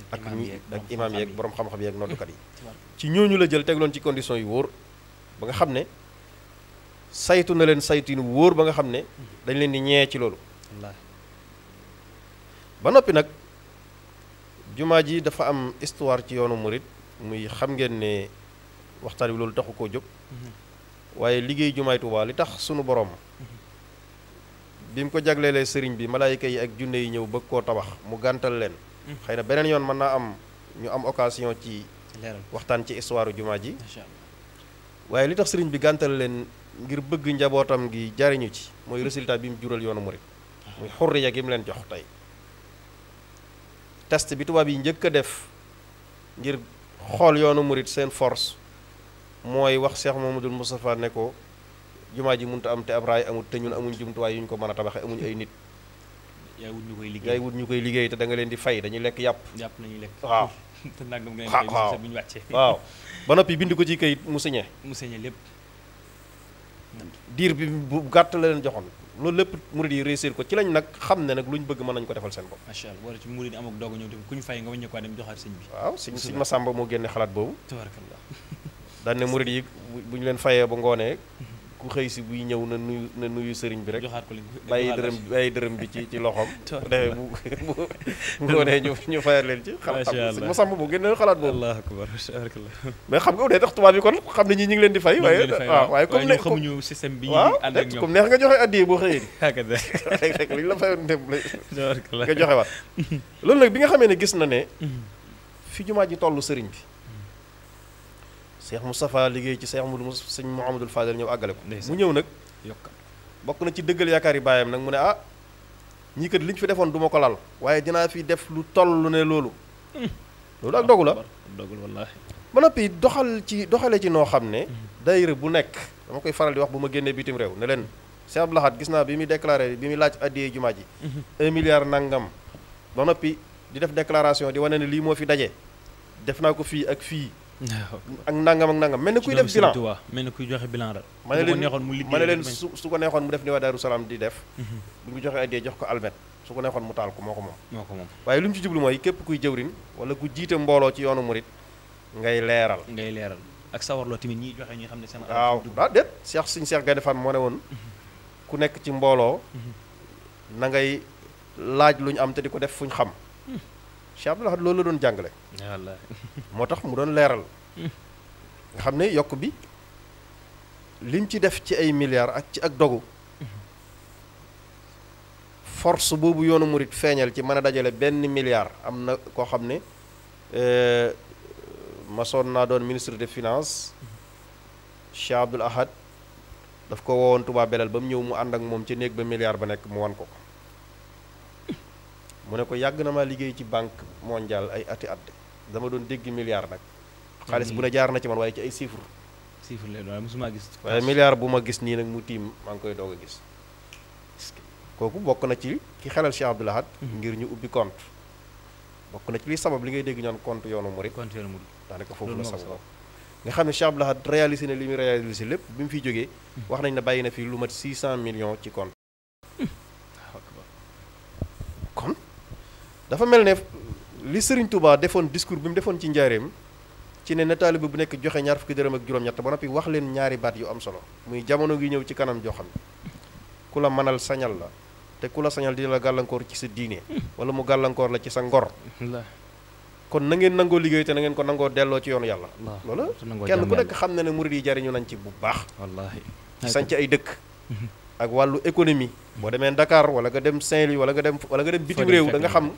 ak ñi ak imaam yeeg boroom xam-xam yeeg noddukat yi ci ñooñu la jël tegloon ci condition yu wóor ba nga xam ne saytu na leen saytu yu wóor ba nga xam ne hmm. dañ leen di ñee ci loolu ba noppi nag jumaa ji dafa am histoire ci yoonu murit muy xam ngeen ne waxtaan wi loolu taxu koo jóg hmm. waaye liggéey jumaay Tuubaa li tax sunu boroom hmm. bi mu ko jagleelee sëriñ bi malaayika yi ak junne yi ñëw bëgg koo tabax mu gàntal leen xëy na beneen yoon mën naa am ñu am occasion ci waxtaan ci histoire jumaa ji waaye li tax sëriñ bi gàntal leen ngir bëgg njabootam gi jariñu ci mooy résultat bi mu jural yoonu murit muy xurriya gi mu leen jox tey test bi tubaab yi njëkk a def ngir xool yoonu murit seen force mooy wax Cheikh Mamadou Moustapha ne ko jumaa ji mënut a am te ab raay amut te ñun amuñ jumtuwaay yu ñu ko mën a tabaxee amuñu ay nit yaay wut ñu koy liggéey yaay wut ñu koy liggéey te da leen di fay dañuy lekk yàpp lekk waaw te nangam nga leen fay bu ba noppi bind ko ci kayit mu signé mu signé lépp diir bi bu gàtt la leen joxoon loolu lépp murid yi réussir ko ci lañ nag xam ne nag lu ñu bëgg mën nañu ko defal seen bopp macha allah war ci murid am ak ñu fay nga waññu ko moo génne xalaat boobu tabaarakallah daan ne murid yi bu ñu leen fayee ba ngoonee ku xëy si buy ñëw na nuyu na nuyu sëriñ bi rek bàyyi dërëm bàyyi dërëm bi ci ci loxoom bu defee bu bu ngoonee ñu ñu fayal leen ci xam-xam ma sàmm bu gën a xalaat boobu allah mais xam nga day tax tubaab yi kon xam ne ñi ñu ngi leen di fay waaye waaw waaye comme ne bi ñuy ànd ak ñoom neex nga joxe addiyee boo xëyee di rek la fayoon dem la nga joxe waat loolu nag bi nga xamee ne gis na ne mm-hmm. fi jumaa ji toll sëriñ bi Cheikh Moustapha liggéey ci Cheikh Mouhamadou sëñ Mouhamadul Fadel ñëw àggale ko mu ñëw nag bokk na ci dëggal yaakaar yi baayam nag mu ne ah ñii kat li ñu fi defoon du ma ko lal waaye dinaa fi def lu toll ne loolu mm. loolu ak dogu la ah, dogul wallaahi ba noppi doxal ci doxale ci noo xam ne mm. daayira bu nekk dama koy faral di wax bu ma génnee bitim réew ne leen Cheikh Abdou Lahad gis naa bi muy déclaré bi muy laaj addiyee jumaa ji mm-hmm. un milliard nangam ba noppi di def déclaration di wane ne lii moo fi daje def naa ko fii ak fii ak nangam ak nangam mel ni kuy def bilan mel ni kuy joxe bilan rek ma ne leen ma ne leen su su ko neexoon mu def ni waa Daaru di def mhm. bu ñu joxee addee jox ko almet su ko neexoon mu taal ko moo ko moom moo ko moom waaye li mu ci jublu mooy képp kuy jëwrin wala ku jiite mbooloo ci yoonu murit ngay leeral ngay leeral ak sawarloo tamit ñiy joxe ñuy xam ne seen waaw ah déet Cheikh suñu Cheikh Gaynde moo ne woon mhm. ku nekk ci mbooloo mhm. na ngay laaj lu ñu am te di ko def fuñ xam Cheikh Abdoul Ahad loolu la doon jàngale moo tax mu doon leeral nga xam ne yokk bi lim ci def ci ay milliards ak ci ak dogu force boobu yoonu murit feeñal ci mën a dajale benn milliard am na koo xam ne euh, masoon naa doon ministre de finance Cheikh Abdoul Ahad daf ko woowoon Touba Belal ba mu ñëw mu ànd ak moom ci néeg ba milliard ba nekk mu wan ko ko mu ne ko yàgg na maa liggéey ci banque mondiale ay ati at dama doon dégg milliard nag xaalis bu ne jaar na ci man waaye ci ay chiffres chiffres lay doon waaye mosuma gis waaye milliard bu ma gis nii nag mu tiim maa ngi koy doog a gis kooku bokk na ci ki xelal Cheikh Abdoul mhm. ngir ñu ubbi compte bokk na ci li sabab li ngay dégg ñaan compte yoonu murid compte yoonu murid daanaka foofu la sabab nga xam ne Cheikh Abdoul Ahad réalisé na li muy réalisé lépp bi mu fiy jógee mhm. wax nañ ne bàyyi na fii lu mat 600 millions ci compte dafa mel ne li sëriñ Touba defoon discours bi mu defoon ci njaareem ci ne na taalibe bu nekk joxe ñaar fukki dërëm ak juróom-ñett ba noppi wax leen ñaari baat yu am solo muy jamono gi ñëw ci kanam joo ku la mënal sañal la te ku la sañal dina la gàllankoor ci sa diine wala mu gàllankoor la ci sa ngor kon na ngeen nangoo liggéey te na ngeen ko nangoo delloo ci yoonu yàlla loolu kenn ku nekk xam na ne murid yi jariñu nañ ci bu baax sañ sanc ay dëkk mhm. ak wàllu économie boo demee Dakar wala nga dem Saint-Louis wala nga dem wala nga dem bitim réew da nga xam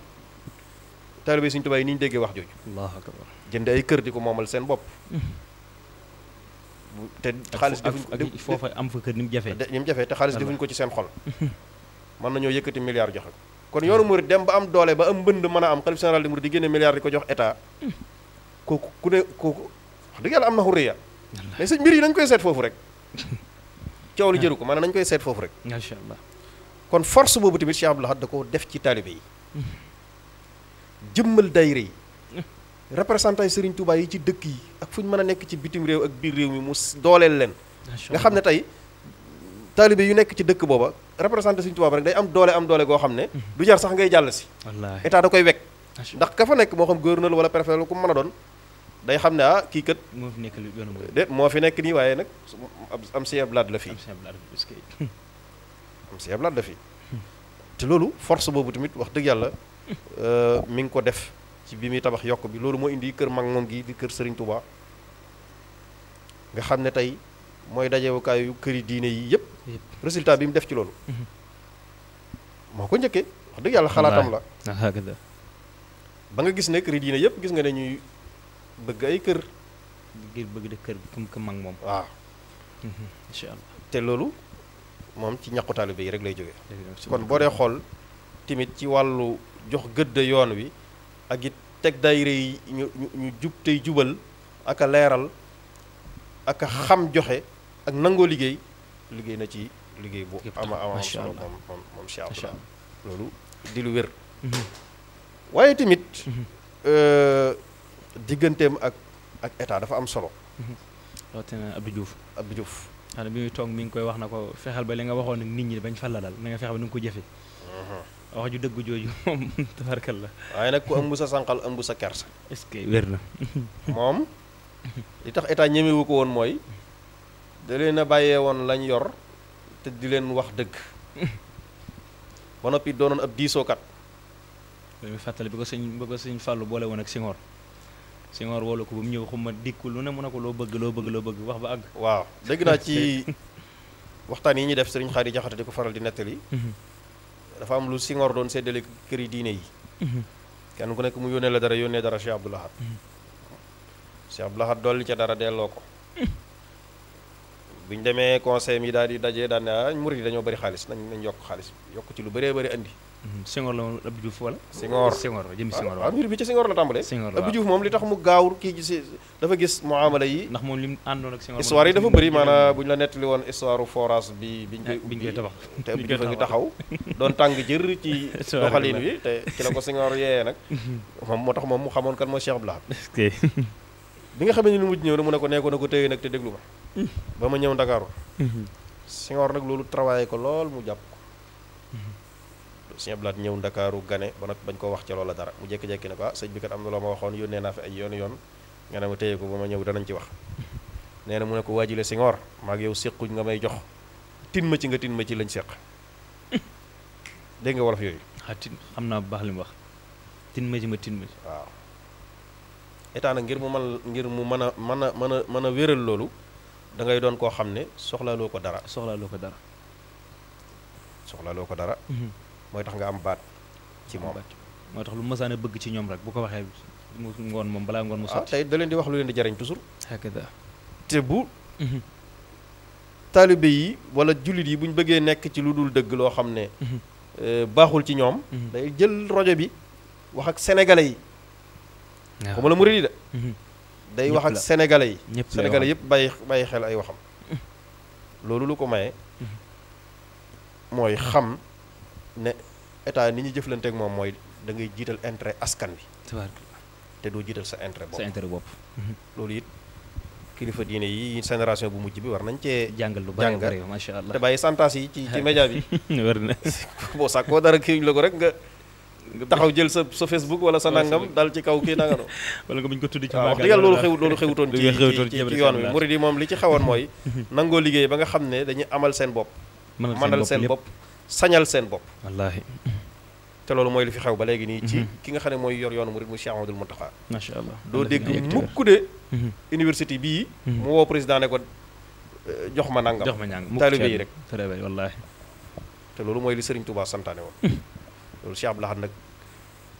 taalibe Sëriñ Tuubaa yi ni ñu déggee wax jooju Allahu akbar jënd ay kër di ko moomal seen bopp mm-hmm. te xaalis defuñ foofa am fa ni mu jafee ni mu jafee te xaalis defuñ ko ci seen xol mm-hmm. mën nañoo yëkkati milliard joxe mm-hmm. kon yoonu murid dem ba am doole ba am mbënd mën a am xalif général di murid di génne milliard di ko jox état kooku ku ne kooku wax dëgg am na xurriya mais sëñ mbir yi nañ koy seet foofu rek coow li ah. jëru ko maanaam nañ koy seet foofu rek macha kon force boobu tamit Cheikh Abdoul Ahad da ko def ci taalibe yi jëmmal daayira yi représentant Serigne Touba yi ci dëkk yi ak fu ñu mën a nekk ci bitim réew ak biir réew mi mu dooleel leen nga xam ne tey taalibe yu nekk ci dëkk booba représentant Serigne Touba ba rek day am doole am doole goo xam ne mhm. du jar sax ngay jàll si état da koy wekk ndax ka fa nekk moo xam gouverneur wala préfet la ku mën a doon day xam ne ah kii kat moo fi nekk déet moo fi nekk nii waaye nag am si ablaat la fii am si ablaat la fii te loolu force boobu tamit wax dëgg yàlla Euh, mi ngi ko def ci bi muy tabax yokk bi loolu moo indi kër mag moom gi di kër Serigne Touba nga xam ne tey mooy dajewukaayu këri diine yi yëpp. résultat bi mu def ci loolu. Mhm. moo ko njëkkee wax dëgg yàlla xalaatam la. ba nga gis ne këri diine yëpp gis nga ne ñuy bëgg ay kër. ngir bëgg kër bi kum mag moom. waaw. Mhm. te loolu moom ci ñàqu taalibe yi rek lay jógee. kon boo dee xool tamit ci wàllu. jox gëdd yoon wi ak it teg daayira yi ñu ñu jub tey jubal ak leeral ak xam joxe ak nangoo liggéey liggéey na ci liggéey bu ama ama solo moom moom moom Cheikh Abdoulaye loolu di lu wér mhm. waaye tamit mhm. euh, digganteem ak ak état dafa am solo mhm. rawatina Abdou Diouf Abdou Diouf xanaa bi muy toog mi ngi koy wax na ko fexeel ba li nga waxoon nag nit ñi bañ fa lalal na nga fexe ba nu nga ko jëfee wax ju dëgg jooju moom tabarkalla. waaye nag ku ëmb sa sànqal ëmb sa kersa. est-ce que wér na. moom li tax état ñemewu ko woon mooy da leen a bàyyee woon lañ yor te di leen wax dëgg ba noppi doonoon ab diisookat. loolu bi ko sëñ bi ko sëñ Fallou boole woon ak Senghor Senghor woolu ko ba mu ñëw xuma dikku lu ne mu ne ko loo bëgg loo bëgg loo bëgg wax ba àgg. waaw dégg naa ci waxtaan yi ñuy def Serigne Khary Diakhaté di ko faral di nettali. dafa am lu Senghor doon séddale këri diine yi mhm. kenn ku nekk mu yónnee la dara yónnee dara Cheikh Abdoul Ahad mhm. Cheikh Abdoul Ahad dolli ca dara delloo ko mhm. bu ñu demee conseil mi daal di dajee daan ne ah murid yi dañoo bëri xaalis nañ nañ yokk xaalis yokk ci lu bëree bëri indi Senghor la woon Abdou Diouf wala. Senghor Senghor jëmmi ah, Senghor ah, waaw mbir bi ci Senghor la tàmbalee. Senghor moom li tax mu gaawur kii dafa gis muamala yi. ndax moom li mu àndoon ak Senghor histoire yi dafa la nettali woon histoire forage bi biñ koy. Ah, biñ koy tabax te ci doxalin wi te ci la ko Senghor yeeyee nag moom moo tax moom mu xamoon kan mooy Cheikh Blahab. bi nga xamee ni mujj ñëw na mu ne ko nekkoon na ko téye nag te déglu ma. ba ma ñëw Ndakaaru. Senghor nag loolu travaillé ko lool mu jàpp ko sëñ Abdu ñëw ndakaaru gane ba nag bañ koo wax ca loola dara mu jékki-jékki ne ko ah sëñ bi kat am na loo ma waxoon yónnee naa fi ay yoon yoon nga ne ma téye ko ba ma ñëw danañ ci wax nee na mu ne ko waajule si ngoor maag yow séquñ nga may jox tin ma ci nga tin ma ci lañ séq dégg nga wolof yooyu ah, tin xam naa bu baax li mu tin ma ci ma tin ma ci waaw état ngir mu mën ngir mu mën a mën a mën a mën a wéral loolu da ngay doon koo xam ne soxlaaloo ko dara soxlaaloo ko dara soxlaaloo ko dara mhm. mooy tax nga am baat ci moom moo tax lu mësaan bëgg ci ñoom rek bu ko waxee mu ngoon moom balaa ngoon mu ah, sotti tey da di wax lu leen di jariñ toujours te bu mhm. taalibe yi wala jullit yi bu ñu bëggee nekk ci lu dul dëgg loo xam ne mhm. euh, baaxul ci ñoom mhm. day jël rajo bi wax ak sénégalais yi xamu la murid yi de day wax ak sénégalais yi sénégalais yëpp bàyyi bàyyi xel ay waxam loolu lu ko maye mooy xam ne état ni ñu jëflante ak moom mooy da ngay jiital intérêt askan wi. te doo jiital sa intérêt bopp bopp. Mhm. loolu it kilifa diine yi génération bu mujj bi war nañ cee. jàngal lu bari bari macha allah te bàyyi santaas yi ci ci média bi. boo sàkkoo dara kii la ko rek nga. taxaw jël sa sa Facebook wala sa nangam dal ci kaw kii nangam. wala nga buñ ko tudd ci waaw ah, wax dëgg yàlla loolu xew loolu xewutoon ci yoon wi murid moom li ci xewoon mooy nangoo liggéey ba nga xam ne dañuy amal seen bopp. mënal seen bopp sañal seen bopp wallaahi te loolu mooy li fi xew ba léegi nii ci mhm. ki nga xam ne mooy yor yoonu murid muy Cheikh Amadou Mountakha macha allah doo dégg mukk de mhm. université bii mhm. mu woo président ne ko euh, jox ma nangam jox ma nangam taalibe yi rek wallaahi te loolu mooy li Serigne Touba santaane woon loolu Cheikh Abdoul nag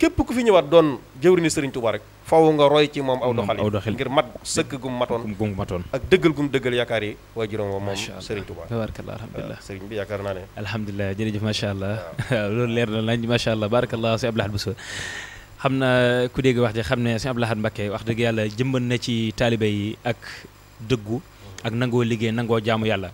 képp ku fi ñëwaat doon jëwriñu Serigne Touba rek faw nga roy ci moom aw doxalin ngir mat sëkk gum matoon ak dëggal gum dëggal yaakaar yi waa juróom moom Serigne Touba tabarakallah alhamdulilah Serigne bi yaakaar naa ne alhamdulilah jërëjëf macha allah loolu leer na lañ macha allah barakallah la Abdou Lahad Bousso xam na ku dégg wax ji xam ne si la Lahad Mbacké wax dëgg yàlla jëmban na ci taalibe yi ak dëggu ak nangoo liggéey nangoo jaamu yàlla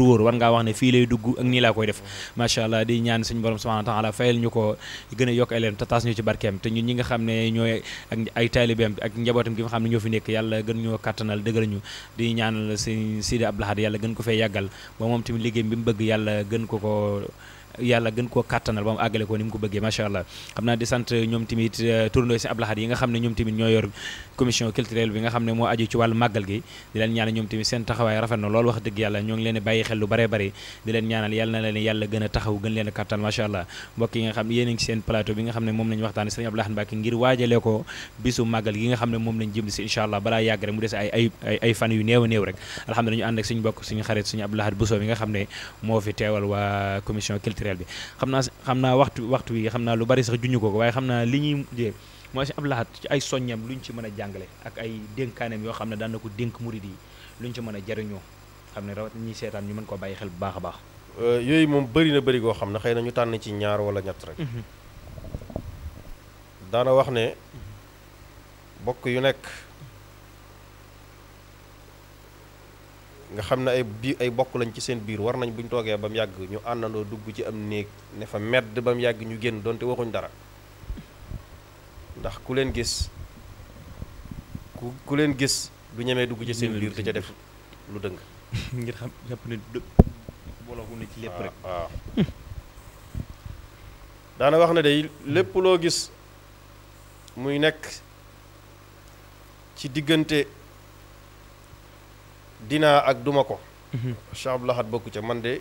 wóor war ngaa wax ne fii lay dugg ak nii laa koy def macha allah di ñaan suñu borom subhanahu wa taala fayal ñu ko gën a yokk leen te ñu ci barkeem te ñun ñi nga xam ne ñooy ak ay taalibeem ak njabootam gi nga xam ne ñoo fi nekk yàlla gën ñoo kattanal dëgëral ñu di ñaanal sëñ Sidi gën ko fee yàggal ba moom tamit liggéey bi bëgg yàlla gën ko ko yàlla gën koo kàttanal ba mu àggale ko ni mu ko bëggee macha allah naa di sant ñoom tamit eh, turandoo si Abdou Lahad yi nga xam ne ñoom tamit ñoo yor commission culturelle bi nga xam ne moo aju ci wàllu màggal gi di leen ñaanal ñoom tamit seen taxawaay rafet na lool wax dëgg yàlla ñoo ngi leen bàyyi xel lu bare bare di leen ñaanal yàlla na leen yàlla gën a taxaw gën leen a kàttan allah mbokk nga xam yéen a ngi seen plateau bi nga xam ne moom lañu jëm si incha allah balaa yàgg rek mu des ay fan yu néew a rek alhamdulilah ñu ànd ak suñu mbokk suñu xarit suñu Abdoulaye Bousso bi nga xam ne moo fi mooy si ab laxaat ci ay soññam lu ñu ci mën a jàngale ak ay dénkaaneem yoo xam ne daan na ko dénk murid yi lu ñu ci mën a jariñoo xam ne rawat ñi seetaan ñu mën ko bàyyi xel bu baax a baax euh, yooyu moom bëri na bëri goo xam ne xëy nañu tànn ci ñaar wala ñett rek mhm. daana wax ne bokk yu nekk nga xam ne ay bi ay bokk lañ ci seen biir war nañ bu ñu toogee ba mu yàgg ñu àndandoo dugg ci am néeg ne fa medd ba mu yàgg ñu génn donte waxuñ dara ndax ku leen gis ku ku leen gis du ñemee dugg ca seen biir di ca def lu dëng ngir xam jàpp ne boloku ne ci lépp rek waaw ah, ah. daana wax ne day lépp loo gis muy nekk ci diggante dina ak duma ko mhm. Cheikh Abdou Lahad ca man de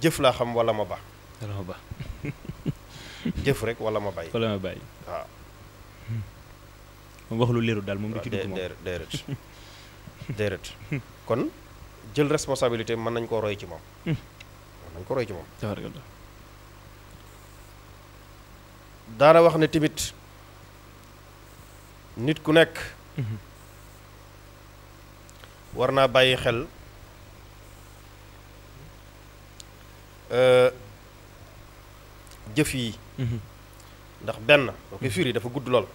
jëf laa xam wala ma ba wala jëf rek wala ma bàyyi wala ah. moom wax lu daal moom du ci dugg moom déedéet déedéet kon mën nañ koo roy ci moom hmm. mën ko roy ci moom daana wax ne tamit nit ku nekk hmm. war naa bàyyi xel euh, jëf yi hmm. ndax benn boo koy hmm. firi dafa gudd lool.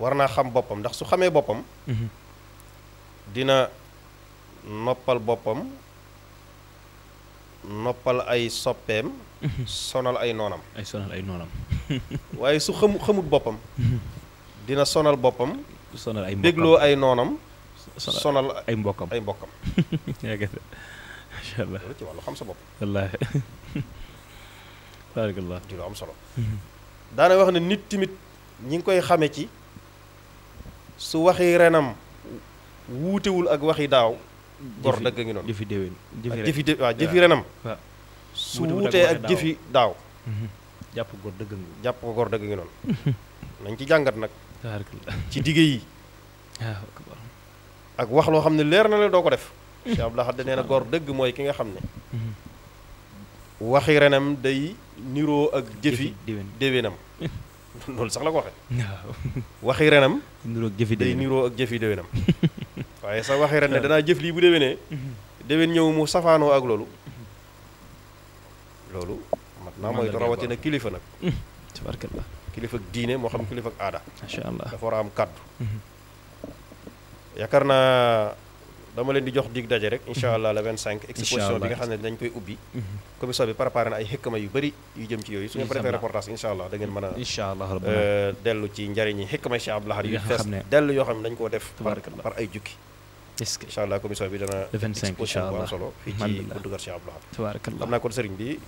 war naa xam boppam ndax su xamee boppam. Hmm. dina noppal boppam noppal ay soppeem. Hmm. sonal ay noonam. ay sonal ay noonam. waaye su xamu xamut boppam. sonal boppam. sonal ay mbokkam ay noonam. sonal ay mbokkam ay mbokkam. macha allah ci wàllu xam sa bopp. wallaahi. baarakallah di lu am solo mhm. daana wax na nit tamit ñi ngi koy xame ci su waxi renam wuutewul ak waxi daaw gor dëgg ngi noonu jëfi jëfi dé waaw jëfi renam su wuutee ak jëfi daaw mhm. jàpp jàpp ko gor dëgg ngi noonu mhm. nañ ci jàngat nag ci digge yi ak wax loo xam ne leer na la doo ko def Cheikh Abdoul Ahad nee na gor dëgg mooy ki nga xam ne waxi renam day niroo ak jëfi déwénam loolu sax la ko waxee waxi renam niroo ak jëfi déwénam waaye sax waxi ne danaa jëf lii bu déwénee mm-hmm. déwén ñëw mu safaanoo ak loolu loolu mat naa mooy rawatina kilifa nag mm. tabarakallah kilifa ak diine moo xam kilifa ak aada dafa war a am kàddu mm-hmm. yaakaar naa dama leen di jox dig daje rek incha allah le 25 exposition bi nga xam ne dañ koy ubbi mhm. commission bi préparé na ay xëkkama yu bëri yu jëm ci yooyu su ngeen préféré reportage incha allah da ngeen a euh, dellu ci njariñi xëkkama Cheikh Abdoul Ahad yu fees dellu yoo xam ne dañ koo def par ay jukki incha allah commission bi dana exposition bu am solo fii ci buntu kër Cheikh Abdoul xam naa kon sëriñ bi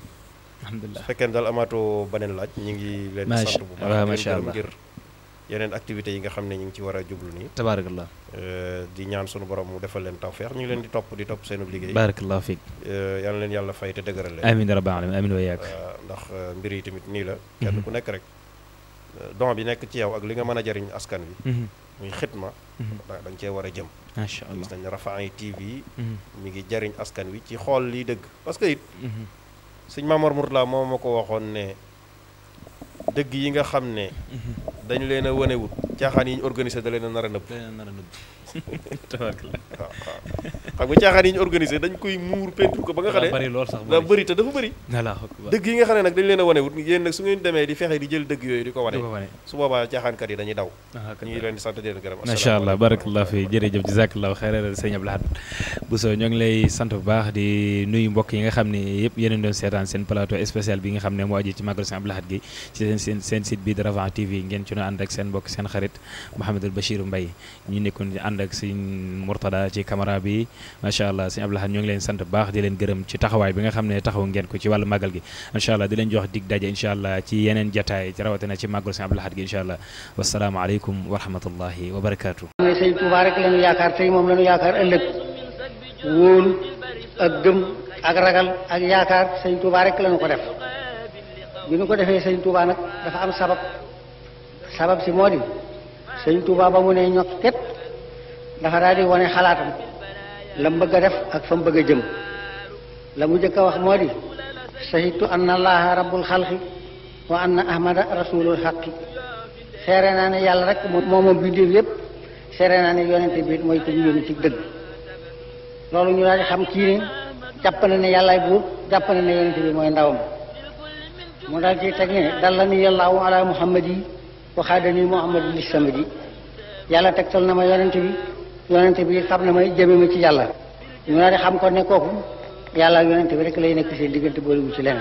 fekkee ne amaatoo beneen laaj ñu ngi leen sant bu baax ngir yeneen activités yi nga xam ne ñu ngi ci war a jublu nii. tabaarakallah euh, di ñaan sunu borom mu defal leen tawféex ñu ngi leen di topp di topp seen liggéey. baarakallah fiik. Euh, yal na leen yàlla fay te dëgëral leen. amiin rabbil aalamiin euh, ndax mbir yi tamit nii la. Mhm. kenn ku nekk rek don bi nekk ci yow ak li nga mën a jariñ askan wi. Mhm. muy xitma. Mhm. da nga cee war a jëm. macha allah gis nañ Rafah TV. mi ngi jariñ askan wi ci xool liy dëgg. parce que it. sëñ Maamor Mourtala moom dégg yi nga xam ne mhm. dañu leen a wanewut caaxaan yi ñu organisé da leen a nar a nëbb tabarkalla waaw waaw xam nga caaxaan yi ñu organisé dañ koy muur peinture ko ba nga xam ne bëri lool sax daa bëri te dafa bëri dëgg yi nga xam ne nag dañ leen a wane wut yéen su ngeen demee di fexe di jël dëgg yooyu di ko wane su boobaa caaxaankat yi dañuy daw ñu di sant di leen allah barakallah fi jërëjëf jazakallahu xeyran sëñ Abdou Lahad ñoo ngi lay sant bu baax di nuyu mbokk yi nga xam ne yëpp yeneen doon seetaan seen plateau spécial bi nga xam ne moo aji ci magal sëñ Abdou Lahad gi ci seen seen site bi de Rafah TV ngeen seen mbokk seen xarit Mouhamadou ànd ak sëñ Mourtada ci caméra bi macha allah sëñ Abdou Lahad ñoo ngi leen sant bu baax di leen gërëm ci taxawaay bi nga xam ne taxaw ngeen ko ci wàllu màggal gi incha allah di leen jox dig daje incha allah ci yeneen jataay ci rawatina ci màggal sëñ Abdou Lahad gi incha allah wasalaamaaleykum wa rahmatullahi wa barakaatu. mooy sëñ Touba rek lañu yaakaar tey moom lañu yaakaar ëllëg wóolu ak gëm ak ragal ak yaakaar sëñ Touba rek lañu ko def bi ñu ko defee sëñ Touba nag dafa am sabab sabab si moo di sëñ ne ñokk ndax daal di wone xalaatam la mu bëgg a def ak fa mu bëgg a jëm la mu njëkk a wax moo di sahitu anna allaha rabbul xalqi wa anna ahmada rasulul xaqi seere naa ne yàlla rek moo moom bindeef yépp seere naa ne yonente bi mooy ko ñu ci dëgg loolu ñu daal di xam kii ne jàpp na ne yàllaay buur jàpp na ne yonente bi mooy ndawam mu daal ci teg ne dalla ni yàllaahu ala muhammad yi waxaada ni muhammad lissamad yi yàlla tegtal na ma yonente bi yonente bi xam na may jëme ma ci yàlla ñu daal di xam ko ne kooku yàlla ak yonente bi rek lay nekk seen diggante boolewul ci lenn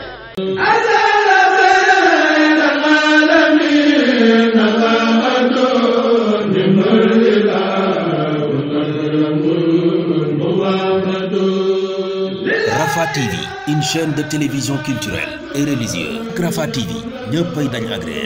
Rafah TV une chaîne de télévision culturelle et religieuse Rafah TV ñëppay dañ agréer